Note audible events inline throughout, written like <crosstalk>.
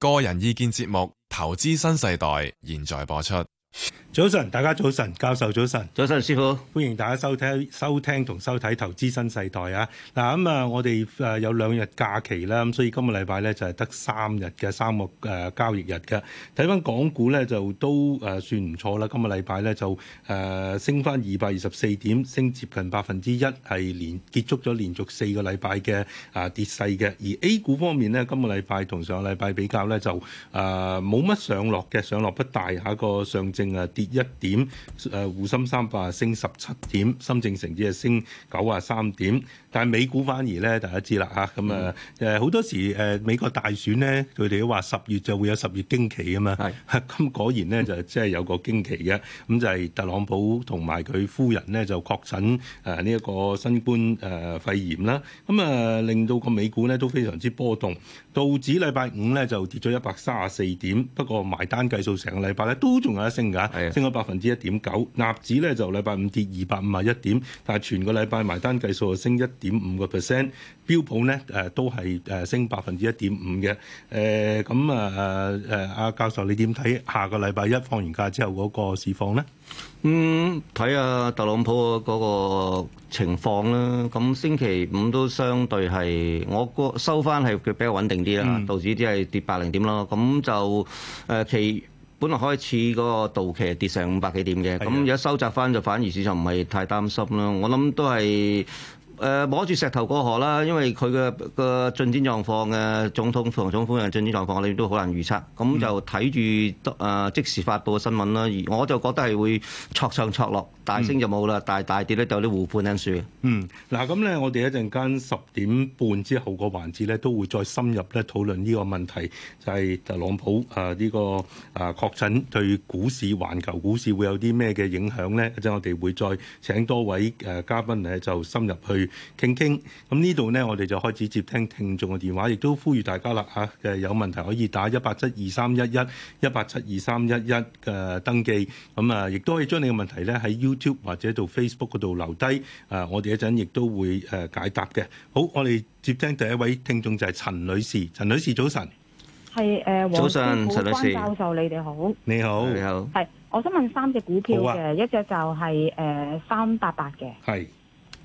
個人意見節目《投資新世代》，現在播出。早晨，大家早晨，教授早晨，早晨，師傅，歡迎大家收聽收聽同收睇投資新世代啊！嗱咁啊，我哋誒、呃、有兩日假期啦，咁、嗯、所以今個禮拜呢，就係、是、得三日嘅三個誒、呃、交易日嘅。睇翻港股呢，就都誒、呃、算唔錯啦，今個禮拜呢，就、呃、誒升翻二百二十四點，升接近百分之一，係連結束咗連續四個禮拜嘅啊、呃、跌勢嘅。而 A 股方面呢，今個禮拜同上個禮拜比較呢，就誒冇乜上落嘅，上落不大，下一個上。上正啊跌一點誒。滬深三百啊升十七點；深證成指啊升九啊三點。但係美股反而咧，大家知啦嚇，咁啊誒好多時誒、呃、美國大選咧，佢哋都話十月就會有十月驚奇啊嘛，係是，咁、嗯、果然咧、嗯、就即係有個驚奇嘅，咁、嗯、就係、是、特朗普同埋佢夫人咧就確診誒呢一個新冠誒肺炎啦，咁、呃、啊、呃、令到個美股咧都非常之波動，道指禮拜五咧就跌咗一百三十四點，不過埋單計數成個禮拜咧都仲有一升㗎，的升咗百分之一點九，納指咧就禮拜五跌二百五十一點，但係全個禮拜埋單計數就升一點五個 percent，標普呢誒都係誒升百分之一點五嘅。誒咁啊誒阿教授你點睇下個禮拜一放完假之後嗰個市況呢？嗯，睇下特朗普嗰個情況啦。咁星期五都相對係我個收翻係佢比較穩定啲啦，嗯、道指只係跌百零點咯。咁就誒其、呃、本來開始嗰個道期係跌成五百幾點嘅，咁而家收窄翻就反而市場唔係太擔心啦。我諗都係。摸住石頭過河啦，因為佢嘅個進展狀況嘅總統、副總統嘅進展狀況，我哋都好難預測。咁就睇住即時發布嘅新聞啦。我就覺得係會挫上挫落。大升就冇啦，大大啲咧就啲互盤因素。恤恤嗯，嗱咁咧，我哋一陣間十點半之後個環節咧，都會再深入咧討論呢個問題，就係、是、特朗普啊呢個啊確診對股市、環球股市會有啲咩嘅影響咧？一陣我哋會再請多位誒嘉賓咧，就深入去傾傾。咁呢度呢，我哋就開始接聽聽眾嘅電話，亦都呼籲大家啦嚇嘅有問題可以打一八七二三一一一八七二三一一嘅登記。咁啊，亦都可以將你嘅問題咧喺 U 或者到 Facebook 嗰度留低，啊，我哋一陣亦都會誒解答嘅。好，我哋接聽第一位聽眾就係陳女士，陳女士早晨，係誒，早晨陳女士，教授你哋好，你好，你好。係，我想問三隻股票嘅，一隻就係誒三八八嘅，係，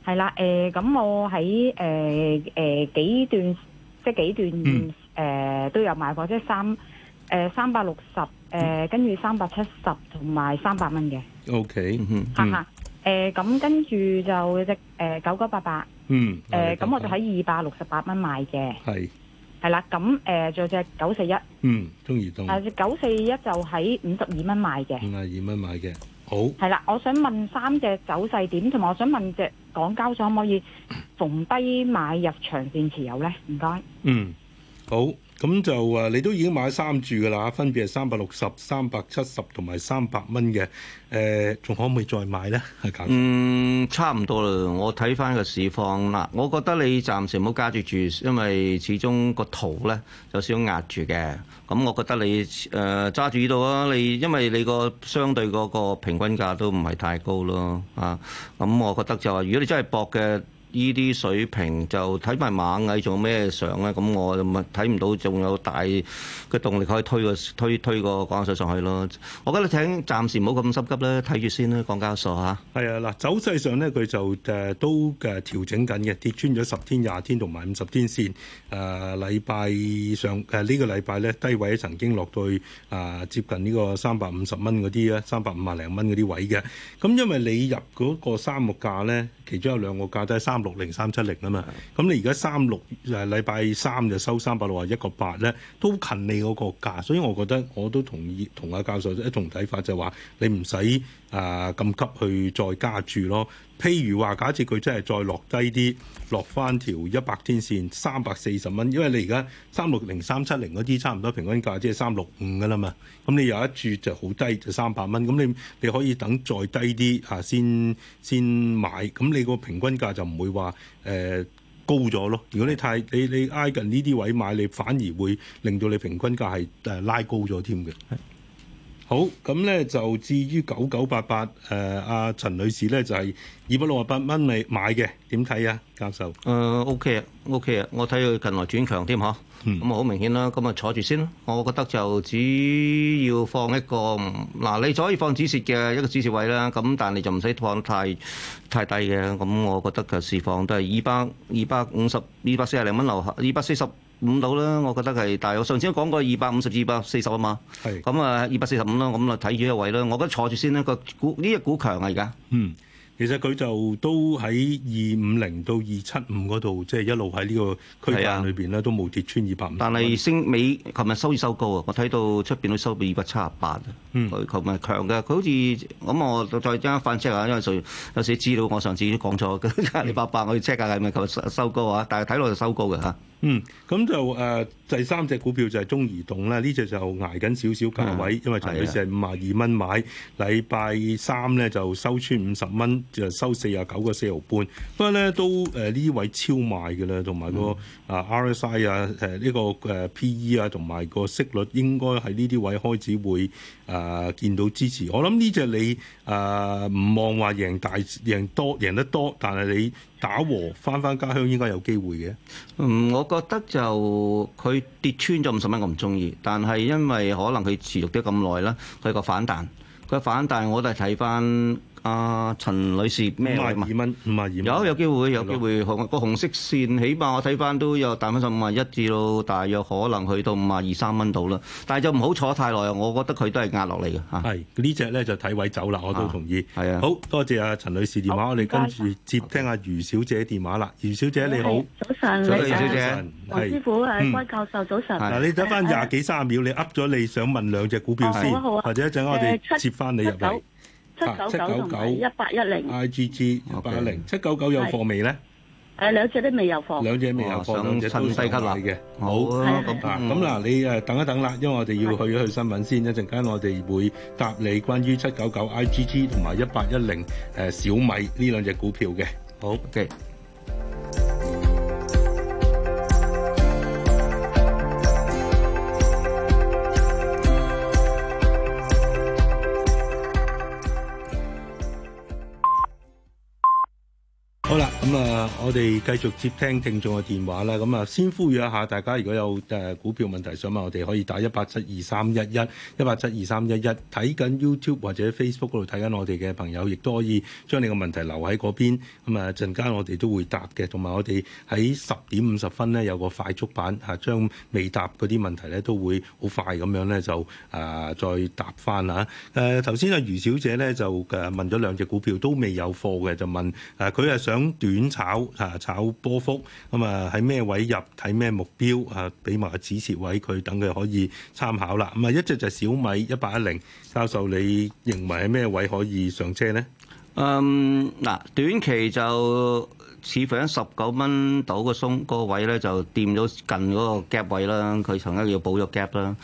係啦，誒，咁我喺誒誒幾段，即係幾段誒都有買貨，即係三誒三百六十，誒跟住三百七十同埋三百蚊嘅。O K，嗯，吓吓，誒，咁跟住就隻誒九九八八，嗯，誒，咁我就喺二百六十八蚊買嘅，係，係啦，咁誒，仲有隻九四一，嗯，中移動，誒，九四一就喺五十二蚊買嘅，五廿二蚊買嘅，好，係啦，我想問三隻走勢點，同埋我想問隻港交所可唔可以逢低買入長線持有咧？唔該，嗯，好。咁就啊，你都已經買三注㗎啦，分別係三百六十、三百七十同埋三百蚊嘅，誒、呃，仲可唔可以再買咧？係咁。嗯，差唔多啦。我睇翻個市況啦，我覺得你暫時唔好加住住，因為始終個圖咧有少少壓住嘅。咁、嗯、我覺得你誒揸住呢度啊，你因為你個相對嗰個平均價都唔係太高咯，啊。咁、嗯、我覺得就係如果你真係搏嘅。依啲水平就睇埋螞蟻做咩相咧？咁我就咪睇唔到仲有大嘅動力可以推個推推個港交所上去咯。我覺得請暫時唔好咁心急啦，睇住先啦，港交數吓，係啊，嗱，走勢上咧，佢就誒都誒調整緊嘅，跌穿咗十天、廿天同埋五十天線誒禮拜上誒、呃這個、呢個禮拜咧，低位曾經落到去誒、呃、接近呢個三百五十蚊嗰啲啊，三百五啊零蚊嗰啲位嘅。咁因為你入嗰個三木價咧，其中有兩個價都係三。六零三七零啊嘛，咁你而家三六誒禮拜三就收三百六啊一個八咧，都近你嗰個價，所以我覺得我都同意同阿教授一同睇法，就係話你唔使。啊，咁急去再加注咯？譬如話，假設佢真係再落低啲，落翻條一百天線三百四十蚊，因為你而家三六零、三七零嗰啲差唔多平均價即係三六五㗎喇嘛。咁你有一注就好低，就三百蚊。咁你你可以等再低啲嚇、啊，先先買。咁你個平均價就唔會話誒、呃、高咗咯。如果你太你你挨近呢啲位買，你反而會令到你平均價係誒拉高咗添嘅。好，咁咧就至於九九八八，誒、啊、阿陳女士咧就係二百六十八蚊嚟買嘅，點睇啊，教授？誒、呃、OK 啊，OK 啊，我睇佢近來轉強添嗬，咁啊好、嗯、明顯啦，咁啊坐住先，我覺得就只要放一個，嗱、啊、你可以放止蝕嘅一個止蝕位啦，咁但你就唔使放太太低嘅，咁我覺得嘅市放都係二百二百五十、二百四啊零蚊樓下，二百四十。五到啦，我覺得係，但係我上次先講過二百五十二百四十啊嘛，係是，咁啊二百四十五啦，咁啦睇住一位啦，我覺得坐住先啦，呢個股呢一股強啊而家。嗯其實佢就都喺二五零到二七五嗰度，即、就、係、是、一路喺呢個區間裏邊咧，啊、都冇跌穿二百五。但係升尾，琴日收二收高啊！我睇到出邊都收到二百七十八。嗯，琴日強嘅，佢好似咁，我再再翻 check 下，因為有時知道我上次講錯，二百八我哋車價係咪琴日收高啊？但係睇落就收高嘅嚇。嗯，咁、嗯、就誒、呃、第三隻股票就係中移動啦，呢、這、隻、個、就挨緊少少價位，啊、因為就佢四十五廿二蚊買，禮拜、啊啊、三咧就收穿五十蚊。就收四啊九個四毫半，不過咧都誒呢位超賣嘅啦，同埋個啊 RSI 啊誒、這、呢個誒 PE 啊同埋個息率應該喺呢啲位開始會啊見到支持。我諗呢隻你啊唔望話贏大贏多贏得多，但係你打和返返家鄉應該有機會嘅。嗯，我覺得就佢跌穿咗五十蚊，我唔中意，但係因為可能佢持續咗咁耐啦，佢個反彈，佢反彈我都係睇返。阿陳女士，咩五十二蚊？有有機會，有機會紅個紅色線，起碼我睇翻都有大翻十五廿一，至到大約可能去到五十二三蚊到啦。但係就唔好坐太耐，我覺得佢都係壓落嚟嘅嚇。係呢隻咧就睇位走啦，我都同意。係啊，好多謝阿陳女士電話，我哋跟住接聽阿余小姐電話啦。余小姐你好，早晨。馮小姐，黃師傅，阿教授，早晨。嗱，你等翻廿幾三十秒，你噏咗你想問兩隻股票先，或者一陣我哋接翻你入嚟。七九九、一八一零、IGG、一八一零、七九九有貨未咧？誒，兩隻都未有貨。兩隻未有貨，兩隻都細粒嚟嘅。好啦，咁啊，咁嗱，你誒等一等啦，因為我哋要去一去新聞先，一陣間我哋會答你關於七九九 IGG 同埋一八一零誒小米呢兩隻股票嘅。好嘅。好啦，咁、嗯、啊，我哋繼續接聽聽眾嘅電話啦。咁、嗯、啊，先呼籲一下大家，如果有誒、呃、股票問題想問我哋，可以打一八七二三一一一八七二三一一。睇緊 YouTube 或者 Facebook 度睇緊我哋嘅朋友，亦都可以將你嘅問題留喺嗰邊。咁、嗯、啊，陣間我哋都會答嘅。同埋我哋喺十點五十分咧有個快速版，吓、啊，將未答嗰啲問題咧都會好快咁樣咧就誒、呃、再答翻啦。誒、呃，頭先阿余小姐咧就誒問咗兩隻股票都未有貨嘅，就問誒佢係想、呃。想短炒嚇，炒波幅咁啊，喺咩位入，睇咩目標啊？俾埋指示位佢，等佢可以參考啦。咁啊，一隻就係小米一八一零，教授你認為喺咩位可以上車呢？嗯，嗱，短期就。似乎喺十九蚊到嘅松個位咧，就掂咗近嗰個 gap 位啦，佢曾經要補咗 gap 啦。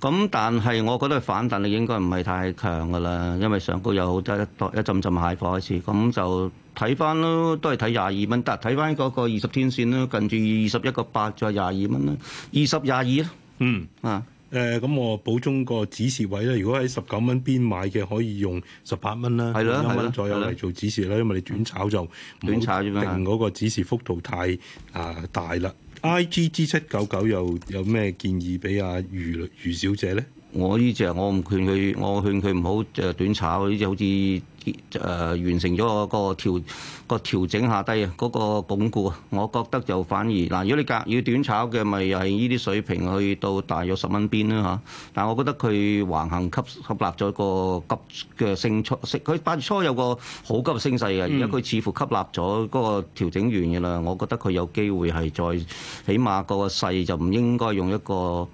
咁但係我覺得反彈力應該唔係太強噶啦，因為上高有好得一多一陣陣蟹貨開始。咁就睇翻咯，都係睇廿二蚊。得睇翻嗰個二十天線啦，近住二十一個八再廿二蚊啦，二十廿二啦。嗯啊。誒咁、呃、我補充個指示位咧，如果喺十九蚊邊買嘅，可以用十八蚊啦，一蚊的左右嚟做指示啦，的因為你短炒就冇定嗰個指示幅度太啊、呃、大啦。I G G 七九九又有咩建議俾阿余餘小姐咧？我呢隻我唔勸佢，我勸佢唔好就短炒呢隻，隻好似。誒完成咗個調個調整下低啊，嗰個鞏固啊，我覺得就反而嗱，如果你隔要短炒嘅，咪又係呢啲水平去到大約十蚊邊啦嚇。但係我覺得佢橫行吸吸納咗個急嘅升速，佢八月初有個好急嘅升勢嘅，而家佢似乎吸納咗嗰個調整完嘅啦。我覺得佢有機會係再起碼個勢就唔應該用一個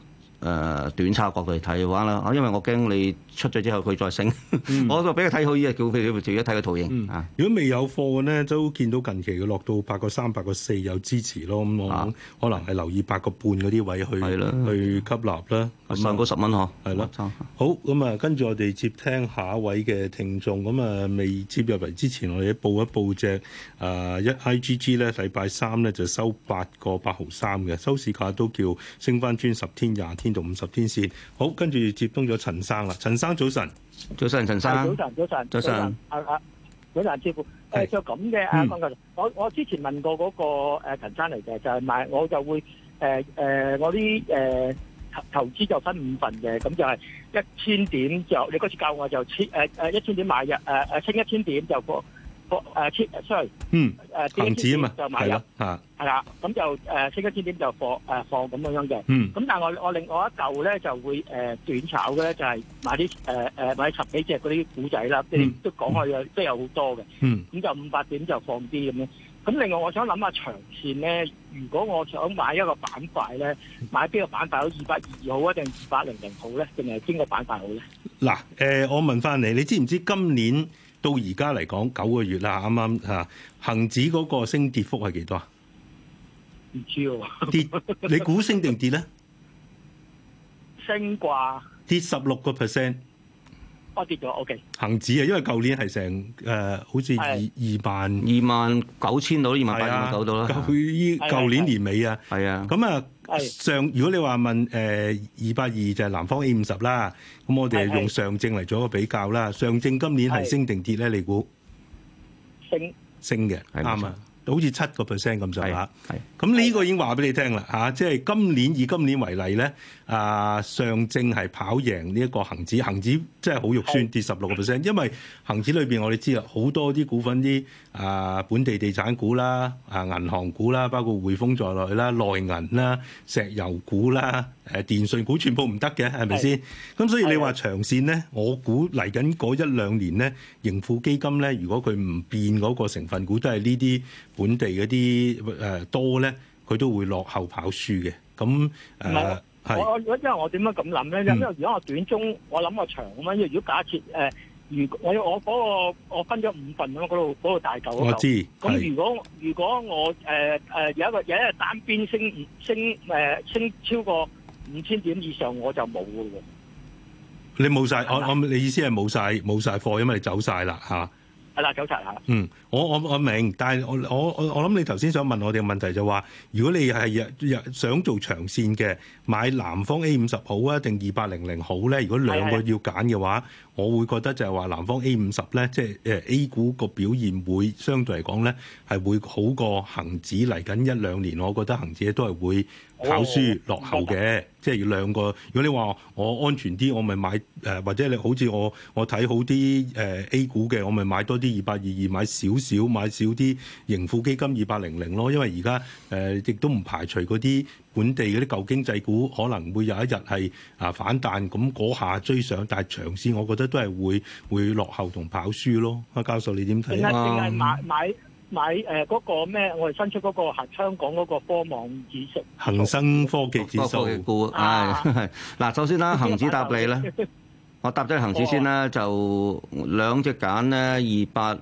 誒短炒角度嚟睇嘅話啦，因為我驚你。出咗之後佢再升， <laughs> 我就俾佢睇好依個股票，依幅圖睇個圖形啊。如果未有貨嘅咧，都見到近期佢落到八個三、八個四有支持咯。咁、嗯、我可能係留意八個半嗰啲位去的去吸納啦。上嗰十蚊嗬，係咯。好咁啊，跟住了個我哋接聽下一位嘅聽眾。咁啊，未接入嚟之前，我哋報一報隻啊一 IGG 咧，禮拜三咧就收八個八毫三嘅收市價，都叫升翻穿十天、廿天到五十天線。好，跟住接通咗陳生啦，陳生早晨，早晨陳生。早晨，早晨，早晨。阿阿早晨，師傅，誒是，就咁嘅啊，嗯、我我之前問過嗰、那個、呃、陳生嚟嘅，就係、是、買我就會誒誒、呃，我啲誒、呃、投投資，就分五份嘅，咁就係一千點，就，你嗰次教我就千誒誒，一千點買入誒誒，清一千點就過。放誒切出去，嗯、啊，誒幾千點就買入，嚇、嗯，係啦，咁、啊啊、就誒升一千點就放誒、啊、放咁樣樣嘅，嗯、啊，咁但係我我另外一嚿咧就會誒短炒嘅咧，就係買啲誒誒買十幾隻嗰啲股仔啦，即係都講我有，都有好多嘅，嗯，咁、嗯、就五百點就放啲咁樣，咁另外我想諗下長線咧，如果我想買一個板塊咧，買邊個板塊好二百二二好啊，定二百零零好咧，定係邊個板塊好咧？嗱，誒、呃、我問翻你，你知唔知今年？到而家嚟講九個月啦，啱啱吓恆指嗰個升跌幅係幾多啊？唔知喎，跌你估升定跌咧？升啩跌十六個 percent，我跌咗 OK。恆指啊，因為舊年係成誒，好似二二萬二萬九千到，二萬八二萬九到啦。舊依舊年年尾啊，係啊，咁啊。上，如果你話問誒二百二就係南方 A 五十啦，咁我哋用上證嚟做一個比較啦。上證今年係升定跌咧？你估？升，升嘅。啱啊。的好似七個 percent 咁上下，咁呢個已經話俾你聽啦嚇，即係今年以今年為例咧，啊上證係跑贏呢一個恆指，恆指真係好肉酸，跌十六個 percent，因為恆指裏邊我哋知啊，好多啲股份啲啊本地地產股啦、啊銀行股啦、包括匯豐在內啦、內銀啦、石油股啦、誒電信股全部唔得嘅，係咪先？咁所以你話長線咧，我估嚟緊嗰一兩年咧，盈富基金咧，如果佢唔變嗰個成分股，都係呢啲。本地嗰啲誒多咧，佢、呃、都會落後跑輸嘅。咁、嗯、誒，我我、嗯、因為我點樣咁諗咧？因為如果我短中，我諗個長咁樣。因為如果假設誒，如果、呃、我我、那、嗰個我分咗五份咁嗰度度大嚿，大我知。咁如果是如果我誒誒、呃、有一個有一日單邊升升誒升、升超過五千點以上，我就冇噶喎。你冇曬，嗎我我你意思係冇晒冇曬貨，因為你走晒啦嚇。啊係啦，九七嚇。嗯，我我我明，但係我我我我諗你頭先想問我哋嘅問題、就是，就話如果你係日日想做長線嘅。買南方 A 五十好啊，定二八零零好咧？如果兩個要揀嘅話，是是我會覺得就係話南方 A 五十咧，即係誒 A 股個表現會相對嚟講咧，係會好過恒指嚟緊一兩年。我覺得恒指都係會跑輸落後嘅。即係、哦哦、兩個，如果你話我安全啲，我咪買誒，或者你好似我我睇好啲誒 A 股嘅，我咪買多啲二八二二，買少少，買少啲盈富基金二八零零咯。因為而家誒亦都唔排除嗰啲本地嗰啲舊經濟股可能會有一日係啊反彈，咁嗰下追上，但係長線我覺得都係會會落後同跑輸咯。阿教授你點睇啊？定係定係買買買誒嗰個咩？我哋新出嗰個係香港嗰個科網指數，恒生科技指數股啊。嗱，首先啦，恆指答你啦。我搭咗隻恆指先啦，就兩隻揀咧，二八二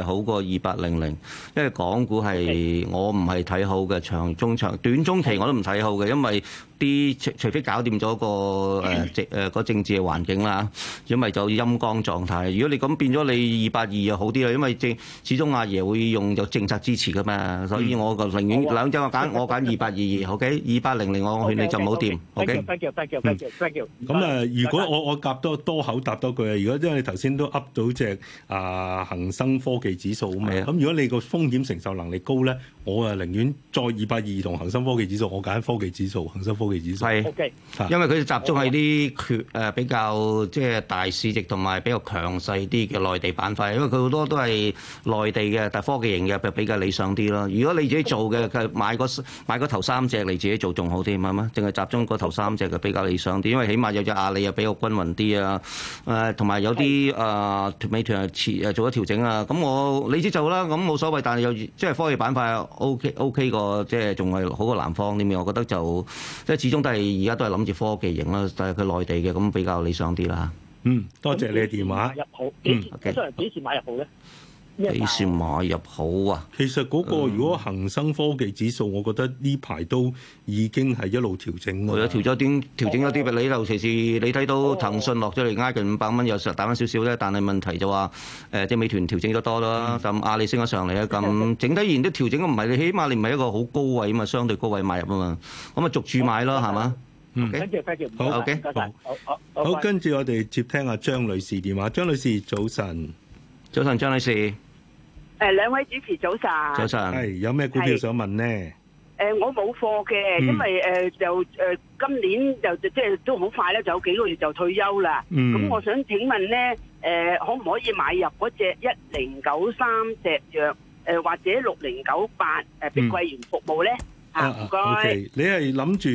二好過二八零零，因為港股係我唔係睇好嘅長中長短中期我都唔睇好嘅，因為啲除除非搞掂咗個誒政誒個政治嘅環境啦，因為就陰光狀態。如果你咁變咗，你二八二又好啲啦，因為政始終阿爺會用有政策支持噶嘛，所以我個寧願兩隻我揀我揀二八二二，OK，二八零零我勸你就唔好掂，OK。thank you thank you thank you thank you。咁誒，如果我我夾多。多口答多句啊！如果因為你頭先都噏到隻啊恆生科技指數啊嘛，咁如果你個風險承受能力高咧，我啊寧願再二百二同恆生科技指數，我揀科技指數，恆生科技指數。係，因為佢集中喺啲缺誒比較即係大市值同埋比較強勢啲嘅內地板塊，因為佢好多都係內地嘅，大科技型嘅比較理想啲咯。如果你自己做嘅，買個買個頭三隻你自己做仲好啲，係咪啊？淨係集中個頭三隻嘅比較理想啲，因為起碼有隻阿里又比較均勻啲啊。啊，同埋有啲誒 Okay.、呃，美團又調，誒做咗調整啊。咁我你知就啦，咁冇所謂。但係又即係科技板塊 O K O K 個，即係仲係好過南方啲嘅。我覺得就即係始終都係而家都係諗住科技型啦，但係佢內地嘅咁比較理想啲啦。嗯，多謝你嘅電話入號。好嘅、嗯，出嚟幾時買入號咧？幾時買入好啊？其實嗰個如果恒生科技指數，我覺得呢排都已經係一路調整咯。我有調咗啲，調整咗啲嘅。你尤其是你睇到騰訊落咗嚟，挨近五百蚊，又實打翻少少咧。但係問題就話、是，誒即係美團調整得多啦。咁阿里升咗上嚟啦，咁整體仍然都調整，唔係你起碼你唔係一個好高位啊嘛，相對高位買入啊嘛。咁啊逐處買咯，係嘛？好。O K，好。跟住我哋接聽阿張女士電話。張女士，早晨。早晨，張女士。誒兩位主持早晨，早晨，係有咩股票想問呢？誒我冇貨嘅，因為誒就誒今年就即係都好快啦，就有幾個月就退休啦。咁我想請問呢誒可唔可以買入嗰隻一零九三石藥？誒或者六零九八誒碧桂園服務呢？啊唔該，你係諗住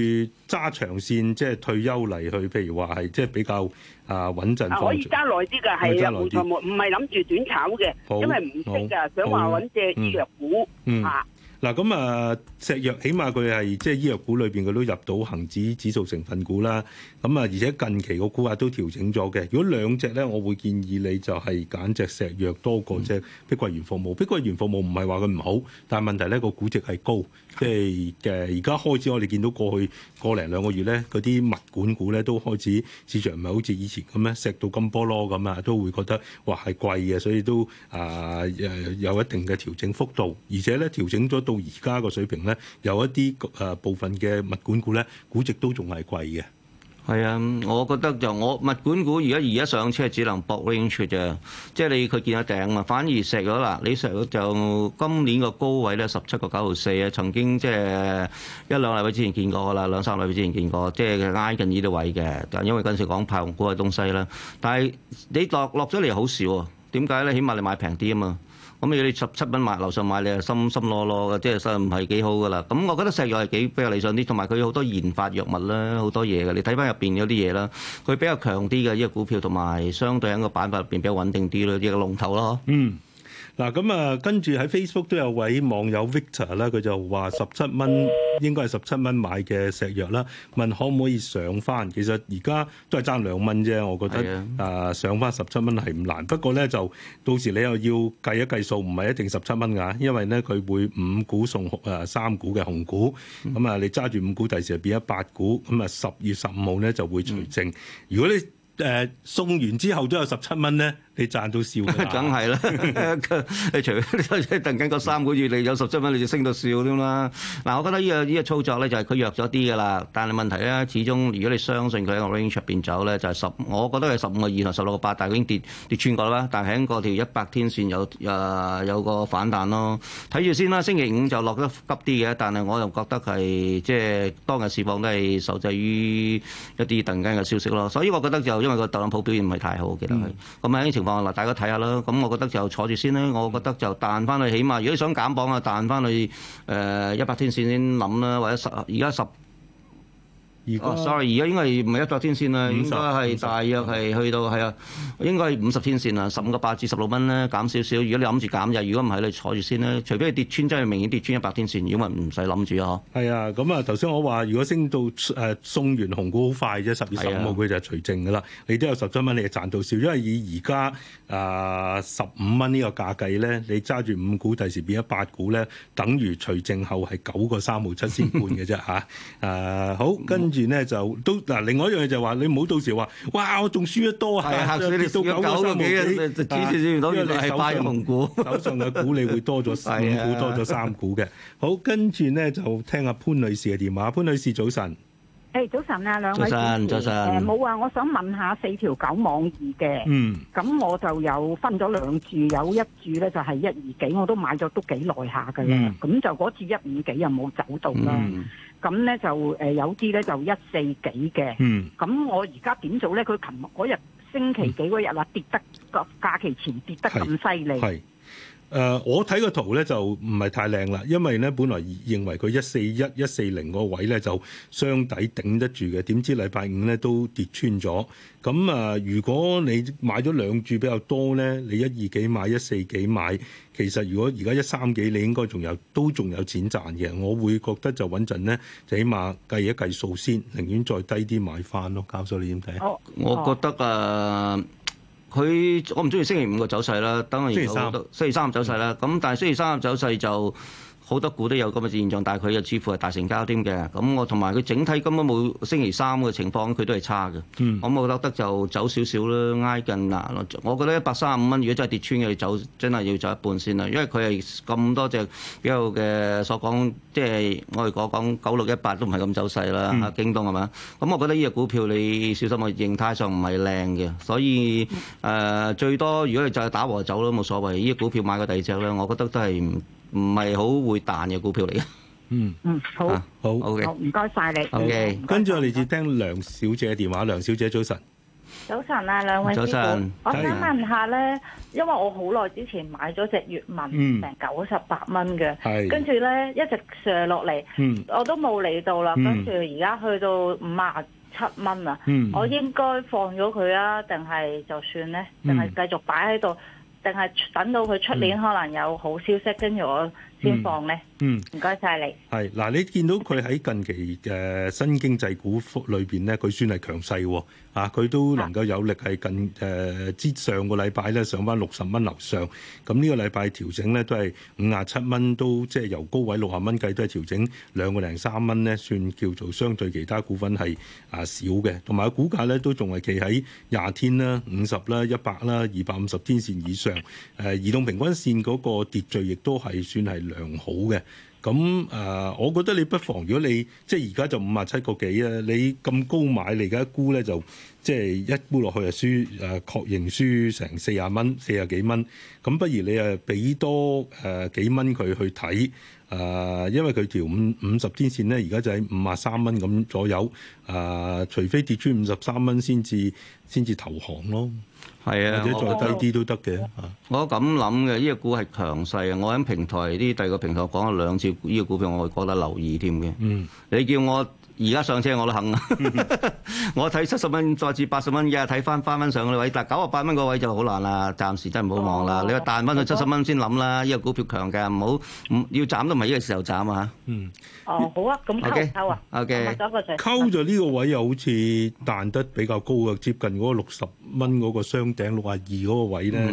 揸長線，即、就、係、是、退休嚟去，譬如話係即係比較啊穩陣。方。啊、可以依家耐啲㗎，係耐啲，唔係諗住短炒嘅，好因為唔識噶。好想話揾隻醫藥股嚇。嗯啊嗯嗱咁啊，石藥起碼佢係即係醫藥股裏邊佢都入到恒指指數成分股啦。咁啊，而且近期個股價都調整咗嘅。如果兩隻咧，我會建議你就係揀隻石藥多過隻碧桂園服務。嗯、碧桂園服務唔係話佢唔好，但係問題咧個估值係高，即係誒而家開始我哋見到過去個零兩個月咧，嗰啲物管股咧都開始市場唔係好似以前咁樣石到金波羅咁啊，都會覺得話係貴嘅，所以都啊誒、呃、有一定嘅調整幅度，而且咧調整咗到。而家個水平咧，有一啲誒部分嘅物管股咧，估值都仲係貴嘅。係啊，我覺得就我物管股而家而家上車只能搏 range 嘅，即係你佢見到頂啊，反而錫咗啦。你錫咗就今年個高位咧，十七個九毫四啊，曾經即係一兩禮拜之前見過噶啦，兩三禮拜之前見過，即係挨近呢啲位嘅。但因為嗰陣時講派紅股嘅東西啦，但係你落落咗嚟好少啊。點解咧？起碼你買平啲啊嘛。咁你十七品買樓上買，你就心心落落嘅，即係實唔係幾好噶啦。咁我覺得石藥係幾比較理想啲，同埋佢好多研發藥物啦，好多嘢嘅。你睇翻入邊有啲嘢啦，佢比較強啲嘅呢個股票，同埋相對喺個板塊入邊比較穩定啲咯，啲、呢個龍頭咯，嗯。嗱咁啊，跟住喺 Facebook 都有位網友 Victor 咧，佢就話十七蚊應該係十七蚊買嘅石藥啦，問可唔可以上翻？其實而家都係爭兩蚊啫，我覺得啊的、呃、上翻十七蚊係唔難。不過咧就到時你又要計一計數，唔係一定十七蚊㗎，因為咧佢會五股送誒三、呃、股嘅紅股，咁、嗯、啊、嗯、你揸住五股，第時就變咗八股，咁啊十月十五號咧就會除淨。嗯、如果你誒、呃、送完之後都有十七蚊咧？你賺到笑梗係啦！你除咗你等緊嗰三個月，你有十七蚊，你就升到笑添啦。嗱、啊，我覺得呢、這個依、這個操作咧就係、是、佢弱咗啲㗎啦。但係問題咧，始終如果你相信佢喺個 range 入面走咧，就係、是、十，我覺得係十五個二同十六個八，但係已經跌跌，跌穿過啦。但係喺個條一百天線有誒、呃、有個反彈咯。睇住先啦。星期五就落得急啲嘅，但係我又覺得係即係當日市況都係受制於一啲突然間嘅消息咯。所以我覺得就因為個特朗普表現唔係太好，其實係咁喺呢個嗱，大家睇下啦。咁我覺得就坐住先啦。我覺得就彈翻去起，起碼如果想減磅啊，彈翻去誒一百天線先諗啦，或者十而家十。sorry 而家應該唔係一百天線啦，應該係大約係去到係、嗯、啊，應該係五十天線啊，十五個八至十六蚊咧，減少少。如果你諗住減嘅，如果唔係，你坐住先啦。除非你跌穿真係明顯跌穿一百天線，如果唔使諗住啊，嗬、嗯。係啊，咁啊，頭先我話如果升到誒、呃、送完紅股好快啫，十月十五號佢就除淨㗎啦。啊、你都有十七蚊，你就賺到笑，因為以而家誒十五蚊呢個價計咧，你揸住五股第時變咗八股咧，等於除淨後係九個三毫七仙半嘅啫吓，誒、 <laughs> 啊、好，跟。跟住咧就都嗱，另外一樣嘢就係話，你唔好到時話，哇！我仲輸得多啊！係啊，你到九個幾嘅指示指到你係拜蒙古，手上嘅股你會多咗三股，多咗三股嘅。好，跟住咧就聽阿潘女士嘅電話。潘女士早晨，誒早晨啊，兩位早晨，早晨誒冇啊，我想問下四條九網二嘅，嗯，咁我就有分咗兩注，有一注咧就係一二幾，我都買咗都幾耐下㗎啦，咁就嗰次一二幾又冇走到啦。咁咧就誒有啲咧就一四幾嘅，咁我而家點做咧？佢琴日嗰日星期幾嗰日啊，跌得個假期前跌得咁犀利。誒，uh, 我睇個圖咧就唔係太靚啦，因為咧本來認為佢一四一、一四零嗰個位咧就箱底頂得住嘅，點知禮拜五咧都跌穿咗。咁啊、呃，如果你買咗兩注比較多咧，你一二幾買一四幾買，其實如果而家一三幾，你應該仲有都仲有錢賺嘅。我會覺得就穩陣咧，就起碼計一計數先，寧願再低啲買翻咯。教授你點睇？Oh, oh. 我覺得啊。Uh 佢我唔中意星期五嘅走勢啦，等我而家覺得星期三走勢啦，咁但係星期三，走勢，星期三走勢就。好多股都有咁嘅現象，但係佢又似乎係大成交添嘅。咁我同埋佢整體根本冇星期三嘅情況，佢都係差嘅。嗯、我覺得就走少少啦，挨近啦。我覺得一百三十五蚊，如果真係跌穿嘅，你走真係要走一半先啦。因為佢係咁多隻比較嘅所講，即係我哋講講九六一八都唔係咁走勢啦。嗯、京東係嘛？咁、嗯、我覺得呢隻股票你小心啊，形態上唔係靚嘅，所以誒、呃、最多如果你就係打和走咯，冇所謂。呢啲股票買過第二隻啦，我覺得都係。唔係好會彈嘅股票嚟嘅。嗯嗯，好好 OK。好唔該曬你。OK。跟住我哋接聽梁小姐嘅電話。梁小姐早晨。早晨啊，兩位。早晨。我想問下咧，因為我好耐之前買咗隻越文，成九十八蚊嘅。係。跟住咧一直上落嚟。嗯。我都冇嚟到啦。嗯。跟住而家去到五十七蚊啊。嗯。我應該放咗佢啊，定係就算咧？定係繼續擺喺度？定係等到佢出年可能有好消息，跟住、mm. 我先放呢。Mm. 嗯，唔該晒，你。係嗱，你見到佢喺近期嘅新經濟股裏邊咧，佢算係強勢喎。啊，佢都能夠有力係近誒、呃，即上個禮拜咧上翻六十蚊樓上。咁呢個禮拜調整咧都係五廿七蚊，都即係由高位六十蚊計都係調整兩個零三蚊咧，算叫做相對其他股份係啊少嘅。同埋股價咧都仲係企喺廿天啦、五十啦、一百啦、二百五十天線以上。誒，移動平均線嗰個秩序亦都係算係良好嘅。咁誒、呃，我覺得你不妨，如果你即係而家就五萬七個幾啊，你咁高買，你而家沽咧就。即係一沽落去就輸啊，確認輸成四十蚊、四十幾蚊，咁不如你啊俾多誒幾蚊佢去睇啊、呃，因為佢條五五十天線咧，而家就喺五十三蚊咁左右啊、呃，除非跌穿五十三蚊先至先至投降咯。係啊，或者再低啲都得嘅。我咁諗嘅，呢隻股係強勢啊！我喺平台啲第二個平台講咗兩次，呢個股票我會覺得留意添嘅。嗯，你叫我。而家上車我都肯啊！我睇七十蚊，再至八十蚊，依家睇翻翻翻上嗰啲位，但九十八蚊嗰位就好難啦，暫時真係唔好望啦。你話彈翻去七十蚊先諗啦，依個股票強嘅，唔好唔要斬都唔係依個時候斬啊！嚇。嗯。哦，好啊，咁溝唔溝啊？OK。溝咗個就。溝就呢個位又好似彈得比較高嘅，接近嗰個六十蚊嗰個雙頂六啊二嗰個位咧，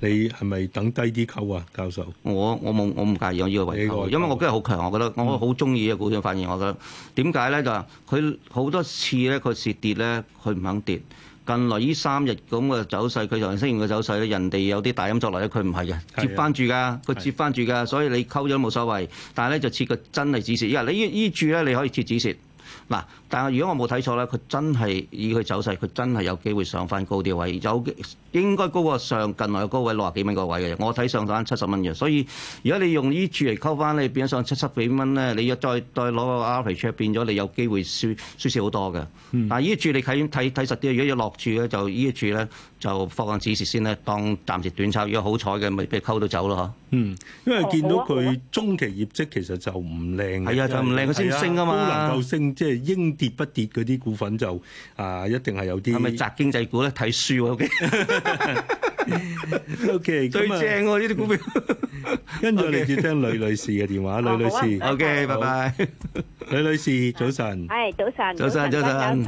你係咪等低啲溝啊，教授？我我冇我唔介意我依個位溝，因為我真係好強，我覺得我好中意呢個股票發現，我覺得點解咧？佢好多次咧，佢蝕跌咧，佢唔肯跌。近來呢三日咁嘅走勢，佢上升完嘅走勢咧，人哋有啲大陰作落咧，佢唔係嘅，的接翻住噶，佢接翻住噶，的所以你溝咗冇所謂。但係咧就切個真係止蝕，因為你依住咧，你可以切止蝕嗱。但係如果我冇睇錯咧，佢真係以佢走勢，佢真係有機會上翻高啲位，有應該高過上近來嘅高位六啊幾蚊個位嘅。我睇上翻七十蚊嘅，所以如果你用呢處嚟溝翻你變咗上七七幾蚊咧，你再再攞個 average 變咗，你有機會輸輸少好多嘅。但係呢處你睇睇睇實啲，如果要落住咧，就呢處咧就放個指示先咧，當暫時短炒。如果好彩嘅，咪俾溝到走咯，嗬。嗯，因為見到佢中期業績其實就唔靚。係啊，就唔靚，佢先升啊嘛。啊能夠升即係跌不跌嗰啲股份就啊，一定係有啲。係咪摘經濟股咧？睇書。O K，最正喎呢啲股票。跟住嚟接聽李女士嘅電話。李女士，O K，拜拜。李女士，早晨。係早晨。早晨，早晨。早晨。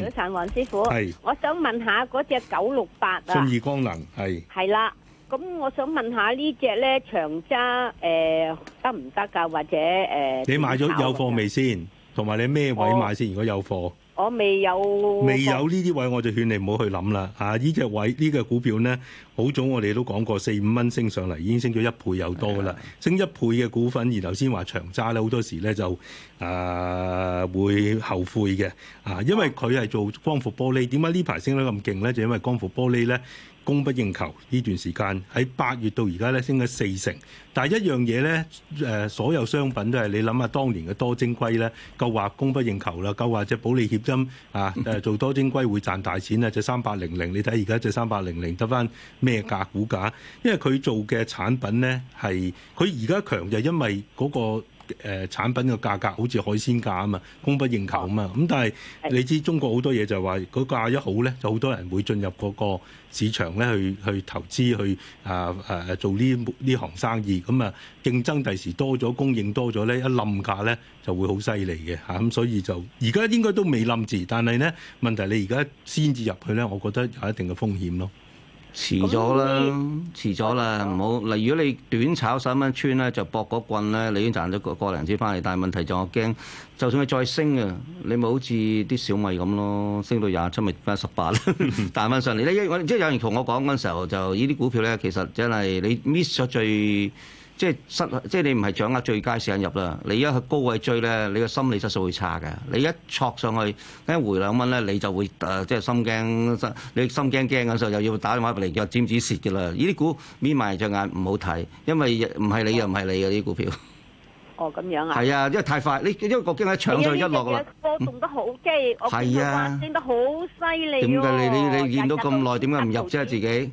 早晨，黃師傅。係。我想問下嗰隻九六八啊。信義光能。係。係啦，咁我想問下呢隻咧長揸誒得唔得㗎？或者誒。你買咗有貨未先？同埋你咩位買先？我如果有貨，我未有未有呢啲位，我就勸你唔好去諗啦。啊，呢隻位呢個股票呢，好早我哋都講過，四五蚊升上嚟，已經升咗一倍有多噶啦。的升一倍嘅股份，然後先話長揸咧，好多時呢就啊會後悔嘅啊。因為佢係做光伏玻璃，點解呢排升得咁勁呢？就因為光伏玻璃呢。供不應求，呢段時間喺八月到而家咧，升咗四成，但係一樣嘢咧，誒，所有商品都係，你諗下當年嘅多晶硅咧，夠話供不應求啦，夠話隻保利協鑫啊，誒，做多晶硅會賺大錢啊！隻三八零零你睇而家隻三八零零得返咩價股價？因為佢做嘅產品咧，係佢而家強就因為嗰、那個。誒產品嘅價格好似海鮮價啊嘛，供不應求啊嘛。咁但係你知中國好多嘢就係話嗰價一好咧，就好多人會進入嗰個市場咧去去投資去啊啊做呢呢行生意。咁啊競爭第時多咗，供應多咗咧，一冧價咧就會好犀利嘅嚇。咁所以就而家應該都未冧住，但係咧問題你而家先至入去咧，我覺得有一定嘅風險咯。遲咗啦，遲咗啦，唔好嗱。例如果你短炒三蚊穿咧，就搏嗰棍咧，你已經賺咗個個零錢翻嚟。但係問題就我驚，就算佢再升啊，你咪好似啲小米咁咯，升到廿七咪翻十八啦。彈翻上嚟咧，一即係有人同我講嗰陣時候，就呢啲股票咧，其實真係你 miss 咗最。即係失，即係你唔係掌握最佳時間入啦。你一去高位追咧，你個心理質素會差嘅。你一戳上去，一回兩蚊咧，你就會誒，即係心驚，你心驚驚嘅時候又要打電話入嚟，又尖止蝕嘅啦。依啲股咪埋隻眼唔好睇，因為唔係你又唔係你嘅啲股票。哦，咁樣啊？係啊，因為太快，你因為個經喺搶上一落啦。波動得好激，係啊，升得好犀利。點解你你你見到咁耐，點解唔入啫？自己？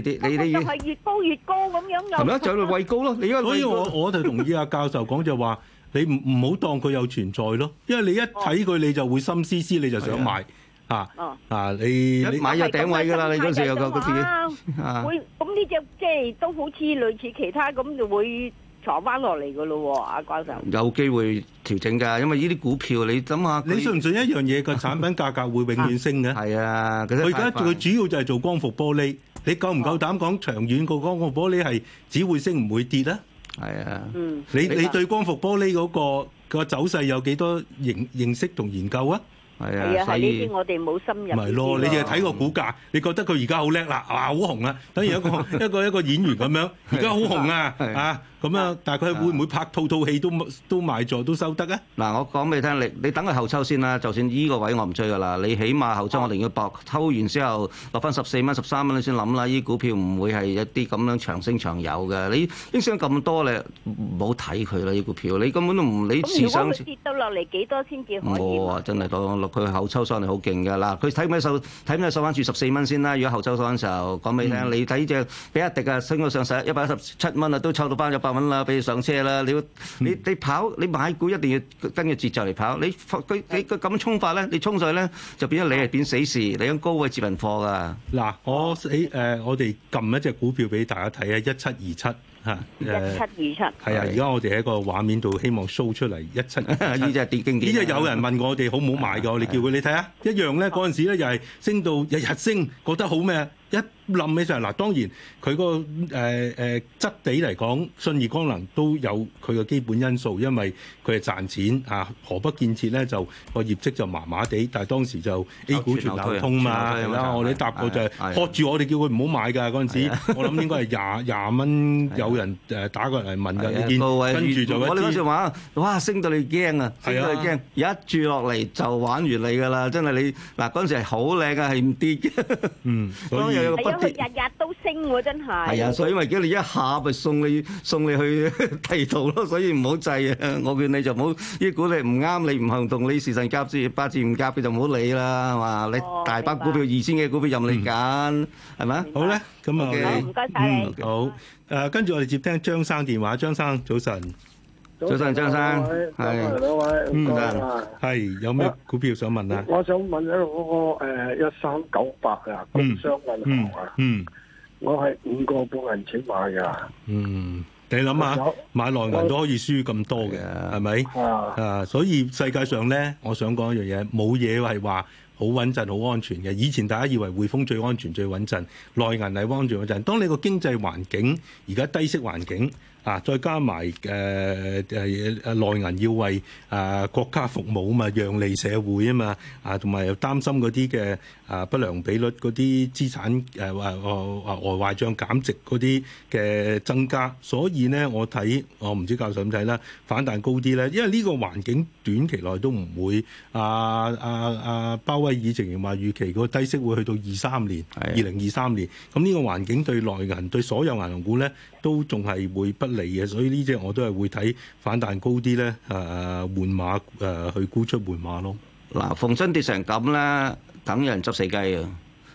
你係越高越高咁樣又，係咯，就係位高咯，你高，所以我我就同意阿教授講就話， <laughs> 你唔唔好當佢有存在咯，因為你一睇佢、哦、你就會心思思，你就想買，嚇嚇你買嘢頂位㗎啦，你嗰時個嗰啲嘢會咁呢隻即係都好似類似其他咁就會。啊坐翻落嚟噶咯喎，阿關就有機會調整㗎，因為呢啲股票你諗下，你信唔信一樣嘢個產品價格會永遠升嘅？係啊，佢而家佢主要就係做光伏玻璃，你夠唔夠膽講長遠個光伏玻璃係只會升唔會跌咧？係啊，嗯，你你對光伏玻璃嗰個個走勢有幾多認認識同研究啊？係啊，係啊，係呢啲我哋冇深入。咪咯，你就睇個股價，你覺得佢而家好叻啦，啊好紅啦，等如一個一個一個演員咁樣，而家好紅啊，啊！咁啊！但係佢會唔會拍套套戲都都賣座都收得啊？嗱，我講俾你聽，你你等佢後抽先啦。就算依個位我唔追噶啦，你起碼後抽我寧願搏抽完之後落翻十四蚊、十三蚊都先諗啦。依股票唔會係一啲咁樣長升長有嘅。你應承咁多咧，唔好睇佢啦！呢、這個、股票你根本都唔理市升跌到落嚟幾多先至好？啊、哦！真係當落佢後抽上嚟好勁嘅嗱，佢睇唔睇受睇唔睇受返十四蚊先啦？如果後抽上嘅時候，講俾你聽，嗯、你睇隻比一滴啊，升到上十一百一十七蚊啊，都抽到翻一百蚊啦，俾你上車啦！你要你你跑，你買股一定要跟住節奏嚟跑。你佢你佢咁樣衝法咧，你衝上去咧就變咗你係變死士，你咁高嘅位接人貨噶。嗱，我誒誒，我哋撳一隻股票俾大家睇啊，一七二七嚇，一七二七。係啊，而家我哋喺個畫面度希望 show 出嚟一七二七呢隻跌經典。呢隻有人問我哋好唔好買嘅，我哋你叫佢你睇下一樣咧，嗰陣時咧又係升到日日升，覺得好咩？一諗起上嚟嗱，當然佢個誒誒質地嚟講，信義光能都有佢嘅基本因素，因為佢係賺錢嚇。河北建設咧就個業績就麻麻地，但係當時就 A 股全流通嘛，係啦。我哋答過就係喝住我哋叫佢唔好買㗎嗰陣時，我諗應該係廿廿蚊有人誒打過嚟問嘅，你見跟住就一跌。我哋嗰時玩，哇升到你驚啊！升到你驚，一住落嚟就玩完你㗎啦！真係你嗱嗰陣時係好靚啊，係唔跌嘅。嗯，當然。係因為日日都升喎，啊，真係。係啊，所以咪驚你一下咪送你送你去剃頭咯，所以唔好制啊！ <laughs> 我叫你就唔好，呢股你唔啱，你唔行動，你時辰夾住八字唔夾嘅就唔好理啦，係嘛？你大把股票白，二千嘅股票任你揀，係嘛？好咧，咁、呃、啊，唔該晒，好誒，跟住我哋接聽張生電話，張生，早晨。早晨，張生，係兩位，唔該，係有咩股票想問啊？我想問一嗰個一三九八嘅工商銀行啊，嗯，我係五個半銀錢買嘅，嗯，你諗下，買內銀都可以輸咁多嘅，係咪？啊，所以世界上咧，我想講一樣嘢，冇嘢係話好穩陣、好安全嘅。以前大家以為匯豐最安全、最穩陣，內銀係安全穩陣。當你個經濟環境而家低息環境。啊！再加埋誒誒誒，內銀要為啊國家服務嘛，讓利社會啊嘛，啊同埋又擔心嗰啲嘅啊不良比率、嗰啲資產誒誒誒外壞賬減值嗰啲嘅增加，所以咧，我睇我唔知教授點睇啦，反彈高啲咧，因為呢個環境。短期內都唔會，阿阿阿鮑威爾仍然話預期個低息會去到二三年，二零二三年。咁呢個環境對內銀對所有銀行股咧都仲係會不利嘅，所以呢隻我都係會睇反彈高啲咧，誒、啊、換馬誒、啊、去沽出換馬咯。嗱、呃，逢真跌成咁咧，等人執死雞啊！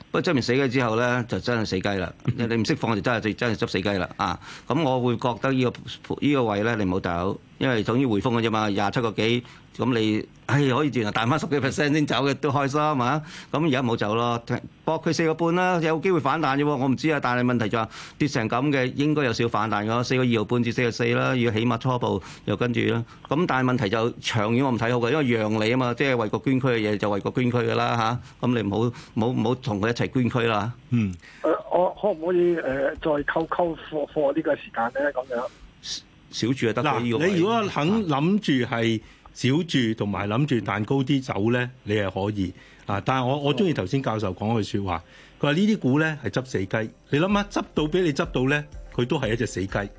不過執完死雞之後呢，就真係死雞啦！ <laughs> 你唔釋放就真係真係執死雞啦！啊，咁我會覺得呢、呢個呢個位咧，你唔好走，因為總之回風嘅啫嘛，廿七個幾。咁你，唉可以自然，大翻十幾 percent 先走嘅都開心啊！咁而家唔好走咯，博佢四個半啦，有機會反彈啫喎！我唔知啊，但係問題就跌成咁嘅，應該有少少反彈噶，四個二毫半至四個四啦，要起碼初步又跟住啦。咁但係問題就長遠我唔睇好嘅，因為讓利啊嘛，即係為國捐軀嘅嘢就為國捐軀噶啦嚇。咁你唔好唔好唔好同佢一齊捐軀啦。嗯。誒，我可唔可以誒再溝溝貨貨呢個時間咧？咁樣少住就得。嗱，你如果肯諗住係。少注同埋諗住彈高啲走咧，你係可以啊！但係我我中意頭先教授講句説話，佢話呢啲股咧係執死雞，你諗下執到俾你執到咧，佢都係一隻死雞。咁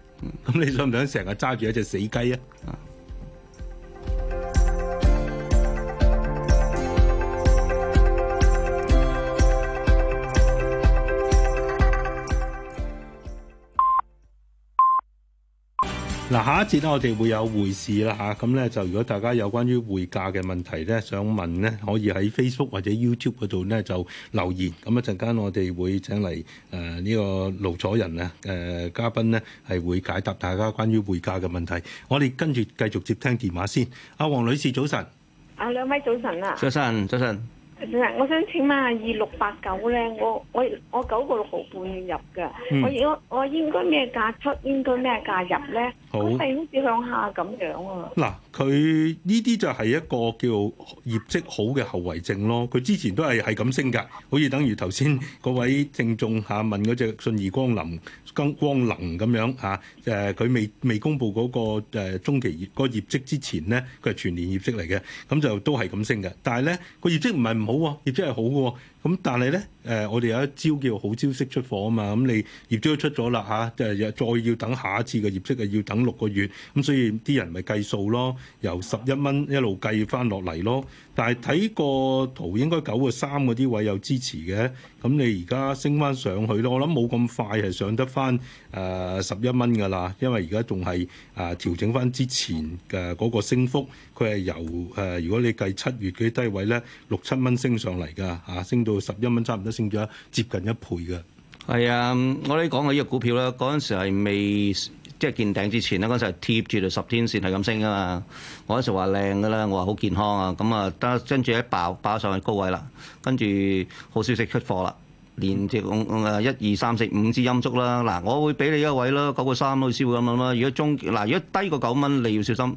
你想唔想成日揸住一隻死雞啊？嗱，下一節咧，我哋會有匯市啦吓，咁、啊、咧就如果大家有關於匯價嘅問題咧，想問咧，可以喺 Facebook 或者 YouTube 嗰度咧就留言，咁一陣間我哋會請嚟，誒、呃這個呃、呢個露座人啊，誒嘉賓咧係會解答大家關於匯價嘅問題。我哋跟住繼續接聽電話先。阿、啊、黃女士，早晨。啊，兩位早晨啊。早晨，早晨。我想請問下二六八九咧，我我我九個六毫半入嘅，我應、嗯、我應該咩價出，應該咩價入咧？好係好似向下咁樣啊！嗱，佢呢啲就係一個叫業績好嘅後遺症咯。佢之前都係係咁升㗎，好似等於頭先嗰位正眾下問嗰隻信義光臨光光能咁樣嚇誒，佢、啊、未未公佈嗰、嗰個、啊、中期業個業績之前咧，佢係全年業績嚟嘅，咁就都係咁升嘅。但係咧佢業績唔係。好啊，亦真係好嘅喎啊。咁但係咧，誒、呃、我哋有一招叫好消息出貨啊嘛，咁、嗯、你業績都出咗啦吓，嚇、啊，係再要等下一次嘅業績係要等六個月，咁、嗯、所以啲人咪計數咯，由十一蚊一路計翻落嚟咯。但係睇個圖應該九個三嗰啲位有支持嘅，咁你而家升翻上去咯，我諗冇咁快係上得翻誒十一蚊噶啦，因為而家仲係誒調整翻之前嘅嗰個升幅，佢係由誒、呃、如果你計七月嘅低位咧，六七蚊升上嚟噶吓升到，十一蚊差唔多升咗接近一倍嘅，係啊！我哋講過呢隻股票咧，嗰陣時係未即係見頂之前咧，嗰陣時係貼住就十天線係咁升噶嘛！我嗰時話靚噶啦，我話好健康啊！咁啊，得跟住一爆爆上去高位啦，跟住好消息出貨啦。連接五一二三四五支陰燭啦，嗱，我會俾你一位啦，九個三都舒服咁樣啦。如果中嗱，如果低過九蚊你要小心，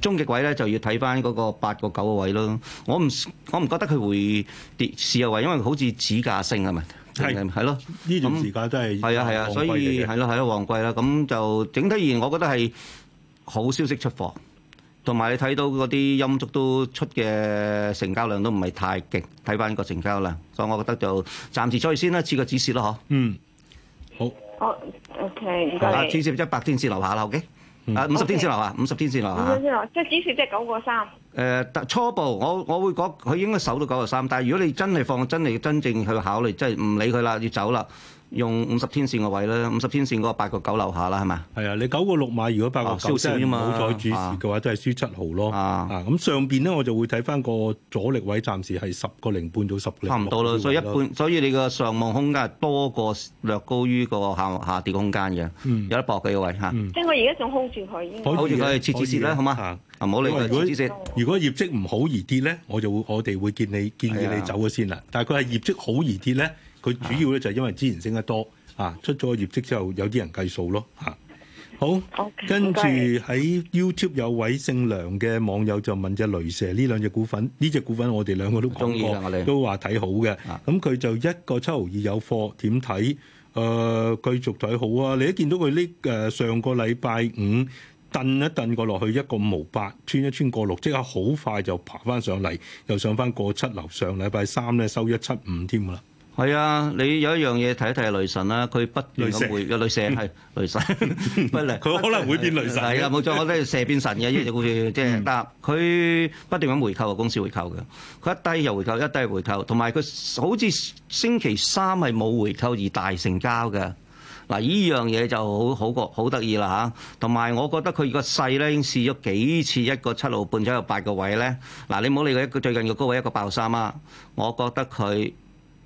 終極位咧就要睇翻嗰個八個九嘅位咯。我唔我唔覺得佢會跌試下位，因為好似指價升係咪？係係咯，呢對段時間真係係啊，係啊，所以係咯係咯，旺季啦，咁就整體而言，我覺得係好消息出貨。同埋你睇到嗰啲陰燭都出嘅成交量都唔係太勁，睇返個成交量，所以我覺得就暫時再先啦，試個指示咯，嗬。嗯。好。好。O、okay, K。係啊，指示一百天線留下，OK、嗯。啊，五十天線留下，五十 Okay. 天線留下。即係指示即係九個三。誒，初步我我會講佢應該守到九個三，但係如果你真係放真係真正去考慮，即係唔理佢啦，要走啦。用五十天線個位啦，五十天線嗰個八個九樓下啦，係咪？係啊，你九個六買，如果八個九少少啫嘛，好彩主視嘅話，都係輸七毫咯。咁上邊咧，我就會睇翻個阻力位，暫時係十個零半到十零。差唔多啦，所以一半，所以你個上望空間係多過略高於個下下跌空間嘅，有得搏嘅個位嚇。即係我而家仲空住佢，空住佢，設止蝕啦，好嗎？唔好理佢設止蝕。如果業績唔好而跌咧，我就會我哋會建議建議你走咗先啦。但係佢係業績好而跌咧。佢主要咧就因為之前升得多啊，出咗業績之後，有啲人計數咯嚇。好，跟住喺 YouTube 有位姓梁嘅網友就問隻雷蛇呢兩隻股份，呢隻股份我哋兩個都講過，都話睇好嘅。咁佢就一個七毫二有貨點睇？誒，繼續睇好啊！你一見到佢呢，誒上個禮拜五掟一掟過落去一個五毫八，穿一穿過六，即刻好快就爬翻上嚟，又上翻過七樓。上禮拜三咧收一七五添噶啦。係啊！你有一樣嘢睇一睇，雷神啦，佢不斷咁回個雷射係雷神，佢可能會變雷神係啊，冇錯，我覺得蛇變神嘅嘢就會即係。但係佢不斷咁回購嘅公司回購嘅，佢一低又回購，一低回購，同埋佢好似星期三係冇回購而大成交嘅嗱。呢樣嘢就好好個好得意啦嚇。同埋我覺得佢個勢咧已經試咗幾次一個七路半左右八個位咧嗱。你唔好理佢一個最近嘅高位一個爆三啊，我覺得佢，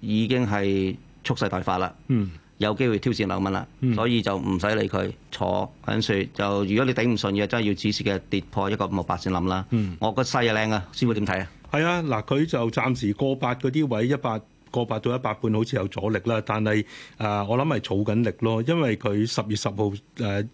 已經係蓄勢待發啦，嗯、有機會挑戰兩蚊啦，嗯、所以就唔使理佢，坐緊說就如果你頂唔順嘅，真係要仔細嘅跌破一個五百先諗啦。嗯、我個勢啊靚啊，師傅點睇啊？係啊，嗱，佢就暫時過八嗰啲位一百過八到一百半，好似有阻力啦。但係誒、呃，我諗係儲緊力咯，因為佢十月十號誒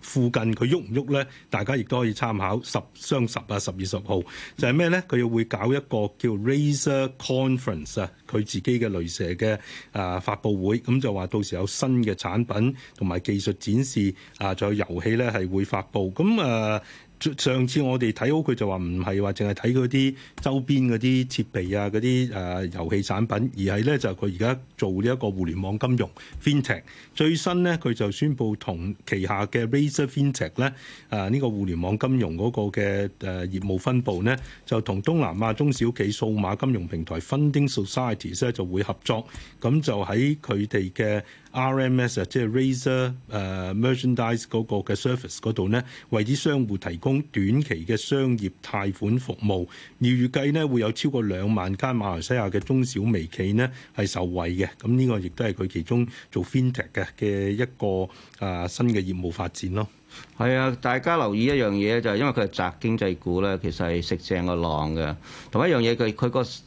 附近佢喐唔喐咧，大家亦都可以參考十雙十啊，十月十號就係咩咧？佢又會搞一個叫 Razer Conference 啊。佢自己嘅雷蛇嘅啊發佈會，咁就話到時有新嘅產品同埋技術展示啊，仲有遊戲咧係會發布，咁啊，上次我哋睇好佢就話唔係話淨係睇嗰啲周邊嗰啲設備啊、嗰啲誒遊戲產品，而係咧就佢而家做呢一個互聯網金融 fintech。最新咧佢就宣布同旗下嘅 Razer Fintech 咧啊呢、這個互聯網金融嗰個嘅誒、啊、業務分部咧，就同東南亞中小企數碼金融平台 Funding Society。咧就會合作，咁就喺佢哋嘅 RMS 啊，即係 Razer 誒 merchandise 嗰個嘅 service 嗰度咧，為啲商戶提供短期嘅商業貸款服務。而預計咧會有超過兩萬間馬來西亞嘅中小微企咧係受惠嘅。咁呢個亦都係佢其中做 FinTech 嘅嘅一個啊新嘅業務發展咯。係啊，大家留意一樣嘢就係因為佢係宅經濟股咧，其實係食正個浪嘅。同一樣嘢，佢佢個虧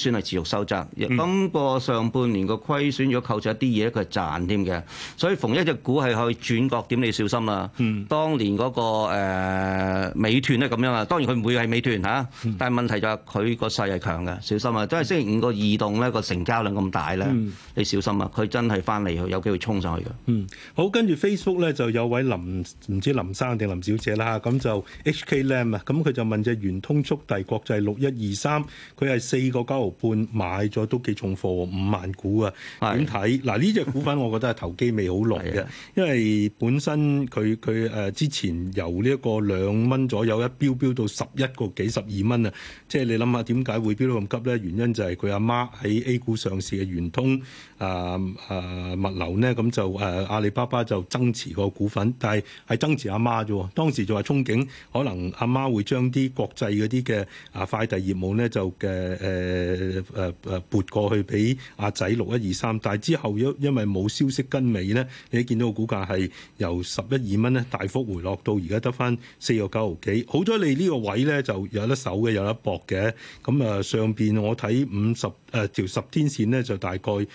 損係持續收窄。今個上半年個虧損如果扣除一啲嘢，佢係賺添嘅。所以逢一隻股係可以轉角點，你小心啦、啊。嗯、當年嗰、那個、呃、美團咧咁樣啊，當然佢唔會係美團吓、啊，但係問題就係佢個勢係強嘅，小心啊！即係星期五個異動咧個成交量咁大咧，你小心啊！佢真係翻嚟有機會衝上去嘅。嗯，好，跟住 Facebook 咧就有位林。唔知林生定林小姐啦，咁就 HK Lam 啊，咁佢就問隻圓通速遞國際六一二三，佢係四個九毫半買咗，都幾重貨，五萬股啊，點睇？嗱呢隻股份我覺得係投機味好濃嘅，的因為本身佢佢誒之前由呢一個兩蚊左右一飆飆到十一個幾十二蚊啊！即係你諗下點解會飆到咁急咧？原因就係佢阿媽喺 A 股上市嘅圓通啊，啊物流呢，咁就誒、啊、阿里巴巴就增持個股份，但係係增持阿媽啫，當時就話憧憬可能阿媽會將啲國際嗰啲嘅啊快遞業務咧就嘅誒誒誒撥過去俾阿仔六一二三，3, 但係之後因因為冇消息跟尾咧，你見到個股價係由十一二蚊咧大幅回落到而家得翻四個九毫幾，好彩你呢個位咧就有得守嘅，有得搏嘅，咁啊上邊我睇五十。誒條十天線咧就大概誒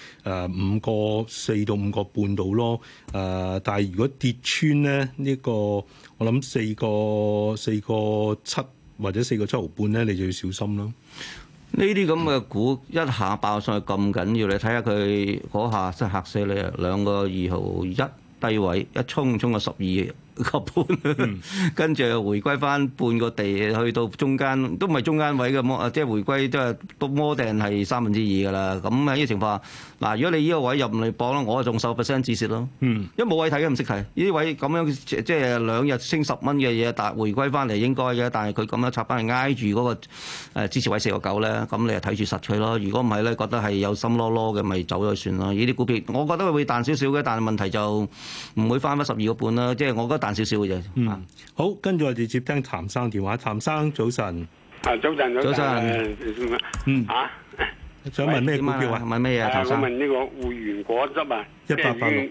五個四到五個半度咯，誒、呃、但係如果跌穿咧呢、這個，我諗四個四個七或者四個七毫半咧，你就要小心啦。呢啲咁嘅股一下爆上去咁緊要你看看，你睇下佢嗰下真嚇死你啊！兩個二毫一低位一衝，衝到十二。個半， <laughs> 跟住又回歸翻半個地，去到中間都唔係中間位嘅摸，即係回歸即都係摩定係三分之二嘅啦。咁喺呢啲情況，嗱，如果你呢個位入唔嚟搏啦，我啊仲受 percent 止蝕咯。因為冇位睇嘅唔識睇。呢啲位咁樣即係兩日升十蚊嘅嘢，但回歸翻嚟應該嘅。但係佢咁樣插翻嚟挨住嗰個支持位四個九咧，咁你就睇住實取咯。如果唔係咧，覺得係有心囉囉嘅，咪走咗算咯。呢啲股票，我覺得會彈少少嘅，但係問題就唔會翻返十二個半啦。即係我覺得。少少嘅嘢。嗯，好，跟住我哋接聽譚生電話。譚生早晨。啊，早晨早晨。早晨。嗯，啊，喂，想問咩股票啊？買咩啊，譚生？啊，我問呢個匯源果汁啊，一百八六。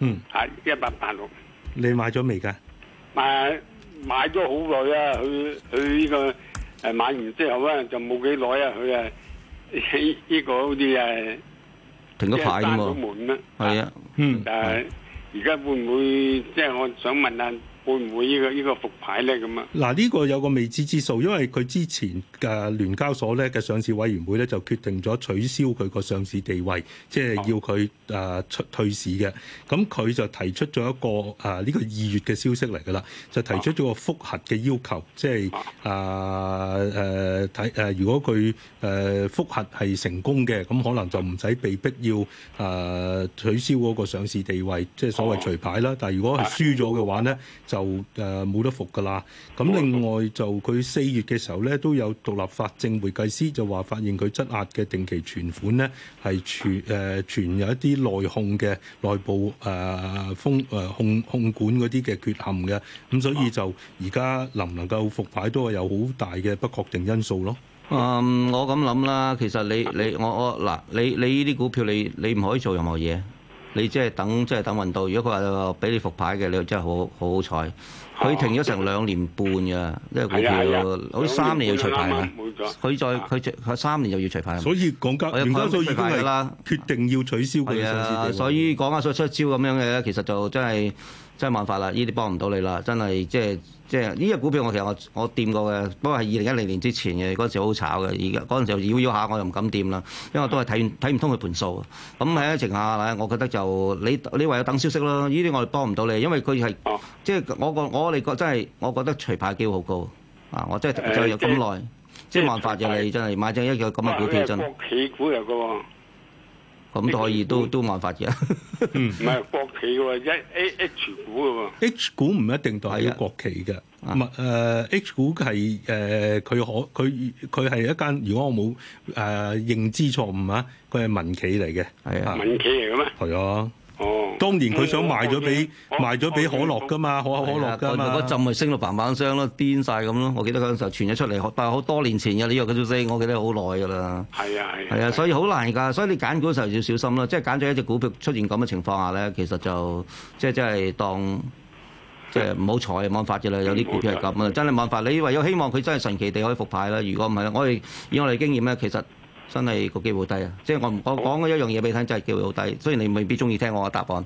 嗯。係一百八六。你買咗未噶？買買咗好耐啦，佢佢呢個誒買完之後咧就冇幾耐啊，佢啊喺呢個好似誒停咗牌添喎。即係閂咗門啦。係啊，啊嗯，但係，而家會唔會即係、就是、我想問啊？會唔會、這個這個、呢個呢個復牌咧？咁啊，嗱、這、呢個有個未知之數，因為佢之前嘅聯、啊、交所咧嘅上市委員會咧就決定咗取消佢個上市地位，即係要佢誒出退市嘅。咁佢就提出咗一個誒呢個二月嘅消息嚟噶啦，就提出咗個復核嘅要求，即係誒誒睇誒。如果佢誒復核係成功嘅，咁可能就唔使被逼要誒取消嗰個上市地位，即係所謂除牌啦。但係如果係輸咗嘅話咧，就就誒冇得復噶啦。咁另外就佢四月嘅時候咧，都有獨立法證會計師就話發現佢質押嘅定期存款咧，係存誒存有一啲內控嘅內部誒封誒控控管嗰啲嘅缺陷嘅。咁所以就而家能唔能夠復牌，都係有好大嘅不確定因素咯。誒，我咁諗啦。其實你你我我嗱，你你呢啲股票，你你唔可以做任何嘢。你即係等，即係等運到。如果佢話俾你復牌嘅，你又真係好好好彩。佢停咗成兩年半㗎，因為股票好似三年要除牌。佢再佢除三年又要除牌。所以國家家所以已經係決定要取消佢啊！所以國家所以出招咁樣嘅，其實就真係真係辦法啦！呢啲幫唔到你啦，真係即係。即係呢隻股票，我其實我我掂過嘅，不過係二零一零年之前嘅嗰陣時好炒嘅。而家嗰陣時妖妖下，我又唔敢掂啦，因為我都係睇睇唔通佢盤數。咁喺一情下，咧，我覺得就你你唯有等消息咯。呢啲我哋幫唔到你，因為佢係即係我個我哋個真係，我覺得除牌機會好高啊！我真係就有咁耐，即係冇辦法就係真係買隻一隻咁嘅股票真。係國企股嚟嘅咁都可以都都辦法嘅。唔係國企喎，一 A H 股喎。H 股唔一定代表國企嘅。唔係誒，H 股係誒佢可佢佢係一間。如果我冇誒、呃、認知錯誤啊，佢係民企嚟嘅。係啊的，的民企嚟嘅咩？係啊。哦，當然佢想賣咗俾賣咗俾可樂噶嘛，可口可樂噶嘛，嗰陣咪升到嘭嘭聲咯，癲晒咁咯。我記得嗰陣時候傳咗出嚟，但係好多年前嘅，呢個消息，我記得好耐噶啦。係啊係啊，係啊，所以好難㗎。所以你揀股時候要小心啦。即係揀咗一隻股票出現咁嘅情況下咧，其實就即係即係當即係唔好彩，冇法嘅啦。有啲股票係咁啊，真係冇法。你唯有希望佢真係神奇地可以復牌啦。如果唔係，我哋以我哋經驗咧，其實。真係個機會低啊！即係我我講嗰一樣嘢俾你聽，真係機會好低。雖然你未必中意聽我嘅答案。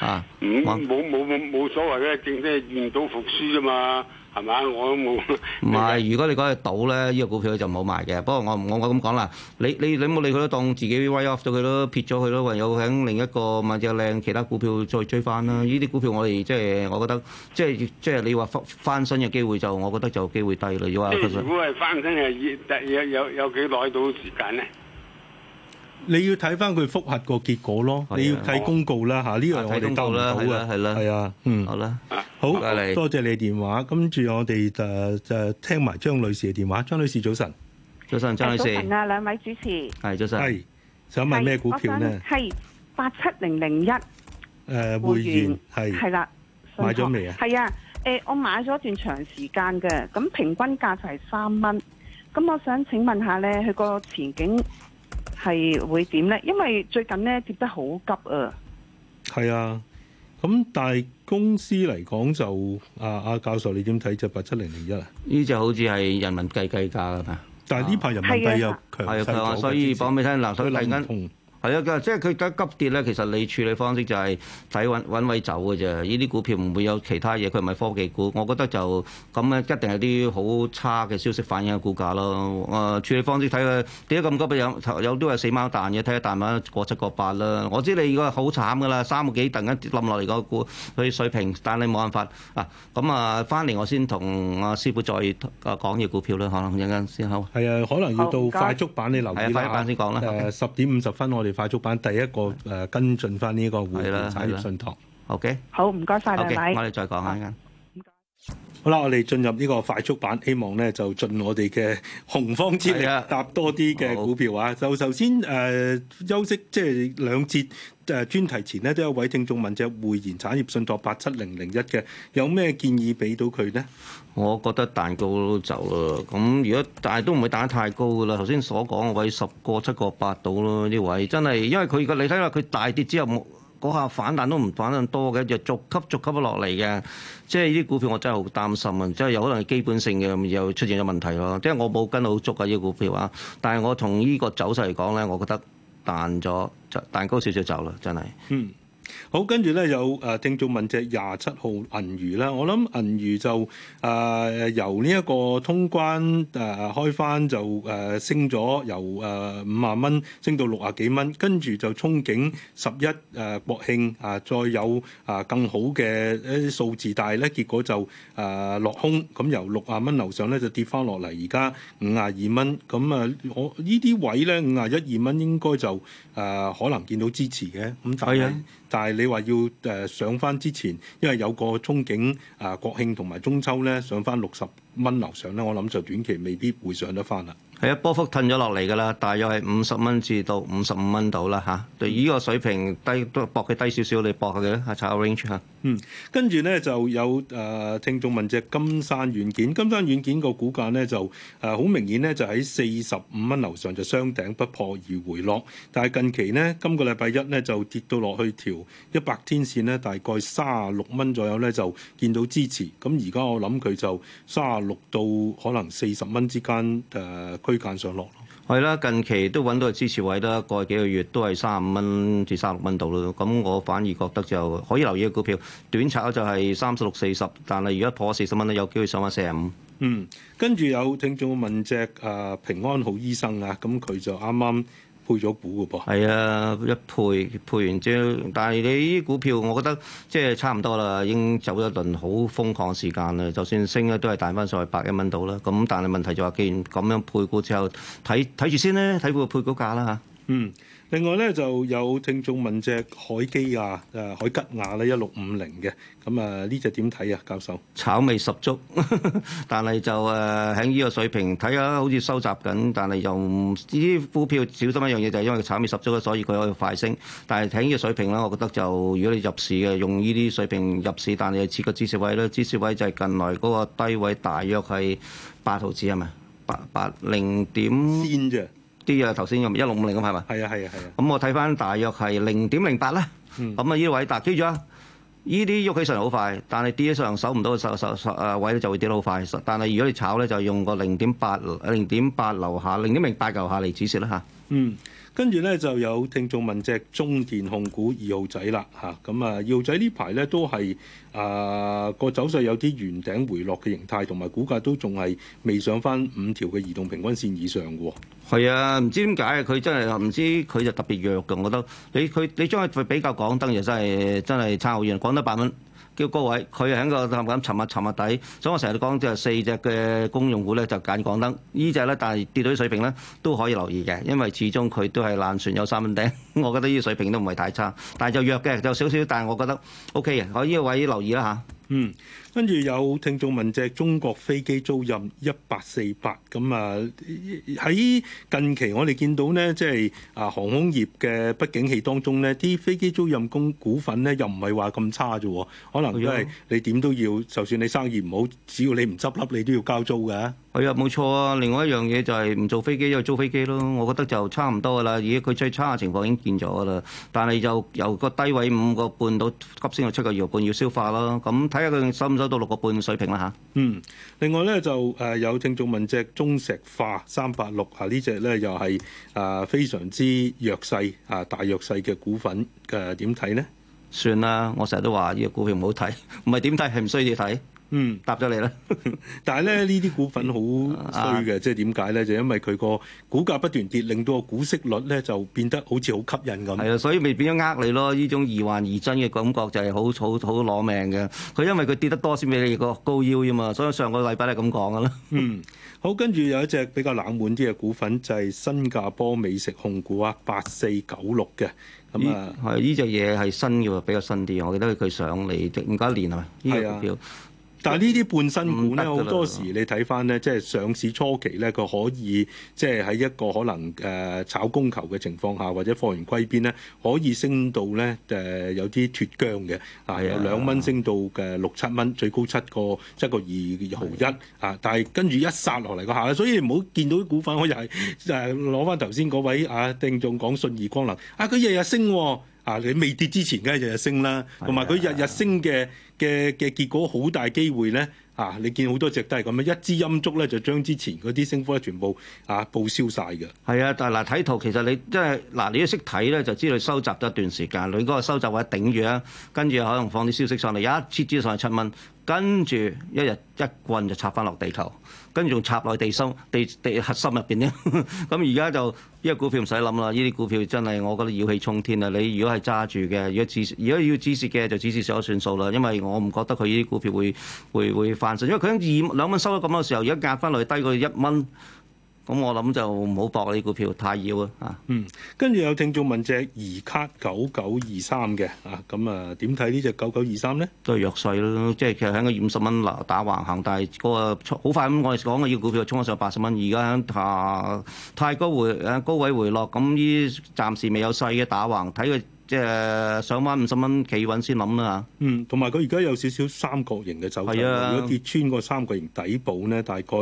哦，冇冇冇冇所謂嘅，正正係願賭服輸啫嘛。係嘛，我都冇。唔係是， <laughs> 如果你講係賭咧，呢、呢個股票就唔好買嘅。不過我我我咁講啦，你你你冇理佢都當自己 write off 咗佢咯，撇咗佢咯，唯有喺另一個買隻靚其他股票再追翻啦。呢啲、嗯、股票我哋即係我覺得，即係即係你話翻翻新嘅機會就，我覺得就機會低啦。如果係翻新嘅，有有有幾耐到時間咧？你要睇翻佢複核個結果咯，你要睇公告啦嚇，呢樣我哋兜到嘅。係啊，嗯。好啦，好，多謝你電話。跟住我哋就就聽埋張女士嘅電話。張女士早晨，早晨，張女士。早晨啊，兩位主持。係早晨。係想問咩股票咧？係八七零零一。誒匯源係係啦，買咗未啊？係啊，誒我買咗一段長時間嘅，咁平均價就係三蚊。咁我想請問下咧，佢個前景？係會點咧？因為最近咧跌得好急啊！係啊，咁但係公司嚟講就啊，阿教授你點睇就八七零零一啊？呢隻好似係人民幣計價噶嘛，但係呢排人民幣又強勢的所以講俾你聽嗱，所以嚟緊。以係啊，即係佢得急跌咧，其實你處理方式就係睇穩，搵位走嘅啫。呢啲股票唔會有其他嘢，佢唔係科技股。我覺得就咁咧，一定係啲好差嘅消息反映嘅股價咯。啊，處理方式睇佢點解咁急嘅，有有啲係死貓彈嘅，睇下彈蚊過七過八啦。我知你個好慘㗎啦，三個幾突然間冧落嚟個股，佢水平，但係冇辦法啊。咁啊，翻嚟我先同阿師傅再講嘢股票咧，可能陣間先好。係啊，可能要到快速版你留意下。係快速版先講啦。誒，十點五十分我哋。快速版第一個誒跟進翻呢個互聯產業信託。Okay，好唔該晒，李仔。Okay, 弟弟我哋再講下。好啦，我哋進入呢個快速版，希望咧就盡我哋嘅洪荒之力，的搭多啲嘅股票啊！好就首先誒、呃、休息，即係兩節誒、呃、專題前呢，都有位聽眾問隻匯賢產業信託八七零零一嘅，有咩建議俾到佢呢？我覺得彈高就走啦，咁如果但係都唔會彈得太高噶啦。頭先所講嘅位個個個，十個、七個、八到咯呢位，真係因為佢個，你睇下，佢大跌之後冇。嗰下反彈都唔反得多嘅，就逐級逐級落嚟嘅，即係呢啲股票我真係好擔心啊！即係有可能係基本性嘅，又出現咗問題咯。即係我冇跟到好足啊呢啲、這個、股票啊，但係我從呢個走勢嚟講咧，我覺得彈咗就彈高少少走啦，真係。嗯。好，跟住咧有誒聽眾問隻廿七號銀魚啦，我諗銀魚就誒、呃、由呢一個通關誒、呃、開翻就誒、呃、升咗，由、呃、誒五啊蚊升到六啊幾蚊，跟住就憧憬十一誒國慶啊、呃，再有啊更好嘅一啲數字，但係咧結果就誒、呃、落空，咁由六啊蚊樓上咧就跌翻落嚟，而家五啊二蚊，咁啊我呢啲位咧五啊一二蚊應該就，誒、呃、可能見到支持嘅，咁但係 <noise> 但係你話要誒、呃、上翻之前，因為有個憧憬啊、呃，國慶同埋中秋咧上翻六十蚊樓上咧，我諗就短期未必會上得翻啦。係一波幅褪咗落嚟㗎啦，大約係五十蚊至到五十五蚊度啦嚇。對呢個水平低，都係博佢低少少，你博佢咧，下炒 range 吓。嗯，跟住咧就有誒、呃、聽眾問隻金山軟件，金山軟件個股價咧就誒好、呃、明顯咧就喺四十五蚊樓上就雙頂不破而回落，但係近期呢，今個禮拜一咧就跌到落去條一百天線咧，大概三十六蚊左右咧就見到支持。咁而家我諗佢就三十六到可能四十蚊之間誒。呃區間上落咯係啦，近期都揾到個支持位啦，過去幾個月都係三十五蚊至三十六蚊度咯。咁我反而覺得就可以留意個股票，短炒就係三十六四十，但係如果破四十蚊咧，有機會上返四十五。嗯，跟住有聽眾問隻啊、呃、平安好醫生啊，咁佢就啱啱。配咗股嘅噃，係啊，一配配完之後，但係你啲股票，我覺得即係差唔多啦，已經走一輪好瘋狂時間啦。就算升咧，都係彈翻上去百一蚊到啦。咁但係問題就話、係，既然咁樣配股之後，睇睇住先咧，睇佢個配股價啦嚇。嗯。另外咧，就有聽眾問隻海基亞誒、呃、海吉亞咧、呃、一六五零嘅，咁啊呢隻點睇啊教授？炒味十足， <laughs> 但係就誒喺呢個水平睇下，好似收集緊，但係又呢啲股票小心一樣嘢，就係、是、因為佢炒味十足咧，所以佢可以快升。但係睇呢個水平咧，我覺得就如果你入市嘅用呢啲水平入市，但係設個止蝕位咧，止蝕位就係近來嗰個低位，大約係八毫紙係咪？八八零點。8, 8, 啲嘢頭先用一六五零咁係嘛？係啊係啊係啊！咁我睇翻大約係零點零八啦。咁啊、嗯，呢位達記住啊！呢啲喐起上嚟好快，但係跌上守唔到十十位咧就會跌得好快。但係如果你炒咧，就用個零點八零點八留下零點零八留下嚟止蝕啦嚇。嗯。跟住咧就有聽眾問隻中電控股二號仔啦嚇，咁啊，二號仔呢排咧都係啊，個走勢有啲圓頂回落嘅形態，同埋股價都仲係未上翻五條嘅移動平均線以上嘅喎。係啊，唔知點解佢真係唔知佢就特別弱嘅，我覺得你佢你將佢比較港燈又真係真係差好遠，港燈八蚊。叫高位，佢喺個氹咁尋物尋物底，所以我成日都講就四隻嘅公用股咧就揀港燈，呢隻咧但係跌到水平咧都可以留意嘅，因為始終佢都係爛船，有三斤釘，我覺得呢啲水平都唔係太差，但係就弱嘅，就少少，但係我覺得 O K 嘅，OK，可以呢個位留意啦嚇。嗯。跟住有聽眾問隻中國飛機租賃，一八四八，咁啊喺近期我哋見到呢，即係啊航空業嘅不景氣當中呢，啲飛機租賃供股份呢，又唔係話咁差啫，可能因為你點都要，就算你生意唔好，只要你唔執笠，你都要交租嘅。係啊，冇錯啊。另外一樣嘢就係唔做飛機就租飛機咯。我覺得就差唔多噶啦。而家佢最差嘅情況已經變咗啦，但係就由個低位五個半到急升到七個月半要消化咯。咁睇下佢得到六個半水平啦嚇。嗯，另外咧就誒有聽眾問隻中石化三八六啊，呢隻咧又係啊非常之弱勢啊，大弱勢嘅股份嘅，點睇呢？算啦，我成日都話呢個股票唔好睇，唔係點睇，係唔需要睇。嗯，答咗你啦。 <laughs> 但係咧，呢啲股份好衰嘅，啊、即係點解咧？就因為佢個股價不斷跌，令到個股息率咧就變得好似好吸引咁。係啊，所以咪變咗呃你咯？呢種疑幻疑真嘅感覺就係好好好攞命嘅。佢因為佢跌得多先俾你個高腰啫嘛。所以上個禮拜係咁講噶啦。嗯，好，跟住有一隻比較冷門啲嘅股份就係、是、新加坡美食控股、嗯、啊，八四九六嘅咁啊，係呢隻嘢係新嘅比較新啲，我記得佢上嚟五九年係咪？係、呢個、票。但係呢啲半新股咧，好多時你睇翻咧，即係上市初期咧，佢可以即係喺一個可能誒炒供求嘅情況下，或者貨源歸邊咧，可以升到咧誒有啲脫韁嘅，係啊，兩蚊升到嘅六七蚊，最高七個七個二毫一啊！但係跟住一殺落嚟個下，所以唔好見到啲股份，我又係誒攞翻頭先嗰位啊，定總講信義光能啊，佢日日升喎。啊！你未跌之前，梗係日日升啦，同埋佢日日升嘅嘅嘅結果，好大機會咧。啊！你見好多隻都係咁啊，一支陰燭咧，就將之前嗰啲升幅咧，全部啊報銷晒嘅。係啊，但係嗱睇圖，其實你即係嗱，你都識睇咧，就知道你收集咗一段時間，你嗰個收集位頂住啊，跟住可能放啲消息上嚟，一支支上去七蚊。跟住一日一棍就插翻落地球，跟住仲插落地心地地核心入邊咧。咁而家就依、這個股票唔使諗啦，呢啲股票真係我覺得妖氣沖天啦。你如果係揸住嘅，如果止如果要止蝕嘅就止蝕少咗算數啦。因為我唔覺得佢呢啲股票會會會翻身，因為佢二兩蚊收咗咁多時候，而家壓翻落去低過一蚊。咁我諗就唔好搏呢啲股票太妖、嗯、啊！嗯，跟住有聽眾問隻二卡九九二三嘅啊，咁啊點睇呢隻九九二三咧？都係弱勢咯，即係其實喺個五十蚊樓打橫行，但係嗰、嗰個好快咁，我哋講嘅要股票衝咗上八十蚊，而家下太高回，誒高位回落，咁呢暫時未有勢嘅打橫，睇佢。即係上翻五十蚊企穩先諗啦吓。嗯，同埋佢而家有少少三角形嘅走勢，啊、如果跌穿個三角形底部呢，大概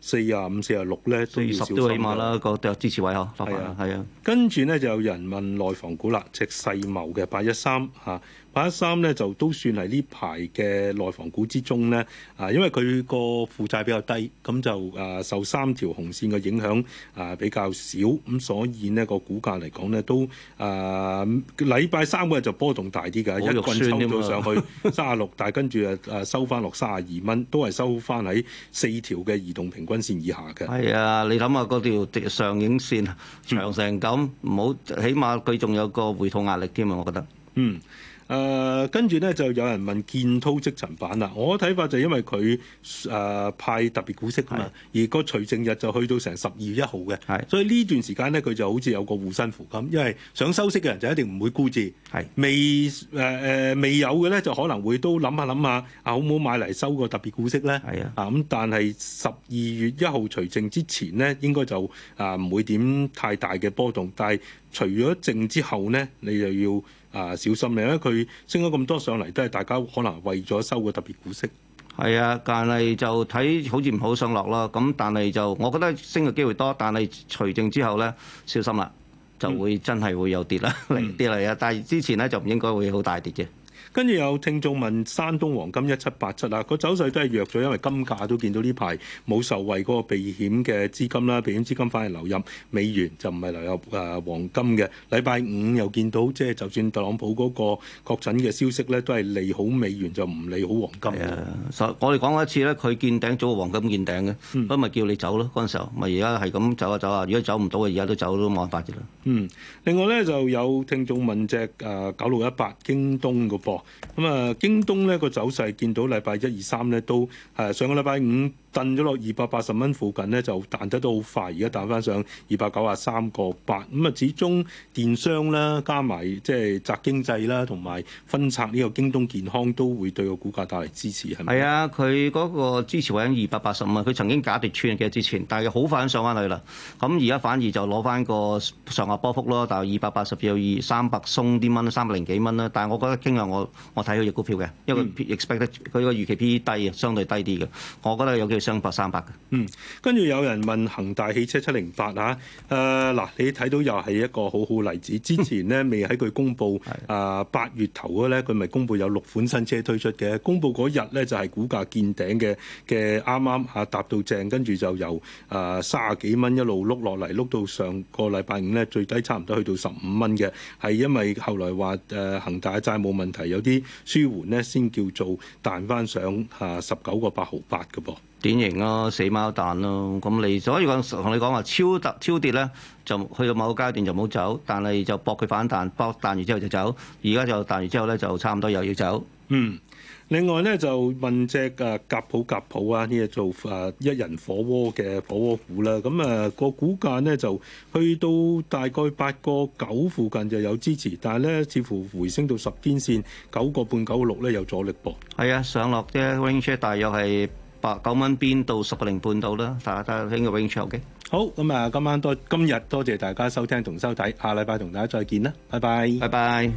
四十五、四十六呢，都要小心啦。個、啊、支持位嗬，係啊，係啊。啊跟住呢就有人問內房股啦，隻世茂嘅八一三啊。八一三咧就都算係呢排嘅內房股之中咧，啊，因為佢個負債比較低，咁就啊受三條紅線嘅影響啊比較少，咁所以呢個股價嚟講咧都啊禮拜三嗰日就波動大啲㗎， <laughs> 一棍抽到上去三啊六，但係跟住啊啊收翻落三啊二蚊，都係收翻喺四條嘅移動平均線以下嘅。係啊、 <laughs> 哎，你諗下嗰條上影線長成咁，唔好、嗯、起碼佢仲有個回吐壓力添啊，我覺得。嗯。誒跟住咧就有人問建滔積層板啦，我睇法就因為佢誒、呃、派特別股息啊嘛，的而個除淨日就去到成十二月一號嘅，的所以呢段時間咧佢就好似有個護身符咁，因為想收息嘅人就一定唔會沽住的、呃，未誒誒未有嘅咧就可能會都諗下諗下啊好唔好買嚟收個特別股息咧？啊咁的、嗯，但係十二月一號除淨之前咧應該就啊唔會點太大嘅波動，但係除咗淨之後咧你就要。啊！小心啦，因佢升咗咁多上嚟，都係大家可能為咗收個特別股息。係啊，但係就睇好似唔好上落啦。咁但係就我覺得升嘅機會多，但係除淨之後咧，小心啦，就會、嗯、真係會有跌啦，嗯、 <laughs> 跌嚟啊！但係之前咧就唔應該會好大跌嘅。跟住有聽眾問：山東黃金一七八七啊，個走勢都係弱咗，因為金價都見到呢排冇受惠嗰個避險嘅資金啦，避險資金反而流入美元就，就唔係流入誒黃金嘅。禮拜五又見到，即係就算特朗普嗰個確診嘅消息咧，都係利好美元，就唔利好黃金嘅。我哋講過一次咧，佢見頂咗，黃金見頂嘅，咁咪叫你走咯。嗰陣時候咪而家係咁走下走下，如果走唔到嘅，而家都走都冇辦法嘅啦。嗯，另外咧就有聽眾問隻誒九六一八京東個貨。咁啊，京東呢個走勢見到禮拜一二三呢都誒，上個禮拜五。震咗落二百八十蚊附近咧，就彈得都好快，而家彈翻上二百九十三個八。咁啊，始終電商咧，加埋即係宅經濟啦，同埋分拆呢個京東健康都會對個股價帶嚟支持，係咪？係啊，佢嗰個支持位喺二百八十五啊，佢曾經假跌穿嘅之前，但係好快咁上翻去啦。咁而家反而就攞翻個上下波幅咯，但係二百八十有二三百鬆啲蚊，三百零幾蚊啦。但係我覺得今日我我睇佢隻股票嘅，因為 expect 佢個預期 PE 低，相對低啲嘅，我覺得有機升百三百嘅，嗯，跟住有人問恒大汽車七零八嚇，誒嗱，你睇到又係一個好好例子。之前咧未喺佢公佈誒八月頭咧，佢咪公佈有六款新車推出嘅。公佈嗰日呢，就係、是、股價見頂嘅，嘅啱啱嚇搭到正，跟住就由誒卅幾蚊一路碌落嚟，碌到上個禮拜五咧最低差唔多去到十五蚊嘅，係因為後來話誒恒大嘅債務問題有啲舒緩呢，先叫做彈翻上嚇十九個八毫八嘅噃。典型咯、啊，死貓彈咯。咁嚟咗，如果同你講話超突超跌咧，就去到某個階段就冇走，但係就搏佢反彈，搏彈完之後就走。而家就彈完之後咧，就差唔多又要走。嗯，另外咧就問隻啊，呷哺呷哺啊，呢啲做法一人火鍋嘅火鍋股啦。咁、那、啊個股價咧就去到大概八個九附近就有支持，但係咧似乎回升到十天線九個半九個六咧有阻力噃。係啊，上落啫 w i n g share 大約係。八九蚊邊到十零半度啦，大家睇下個 range OK。好咁啊，今晚多今日多謝大家收聽同收睇，下禮拜同大家再見啦，拜拜，拜拜。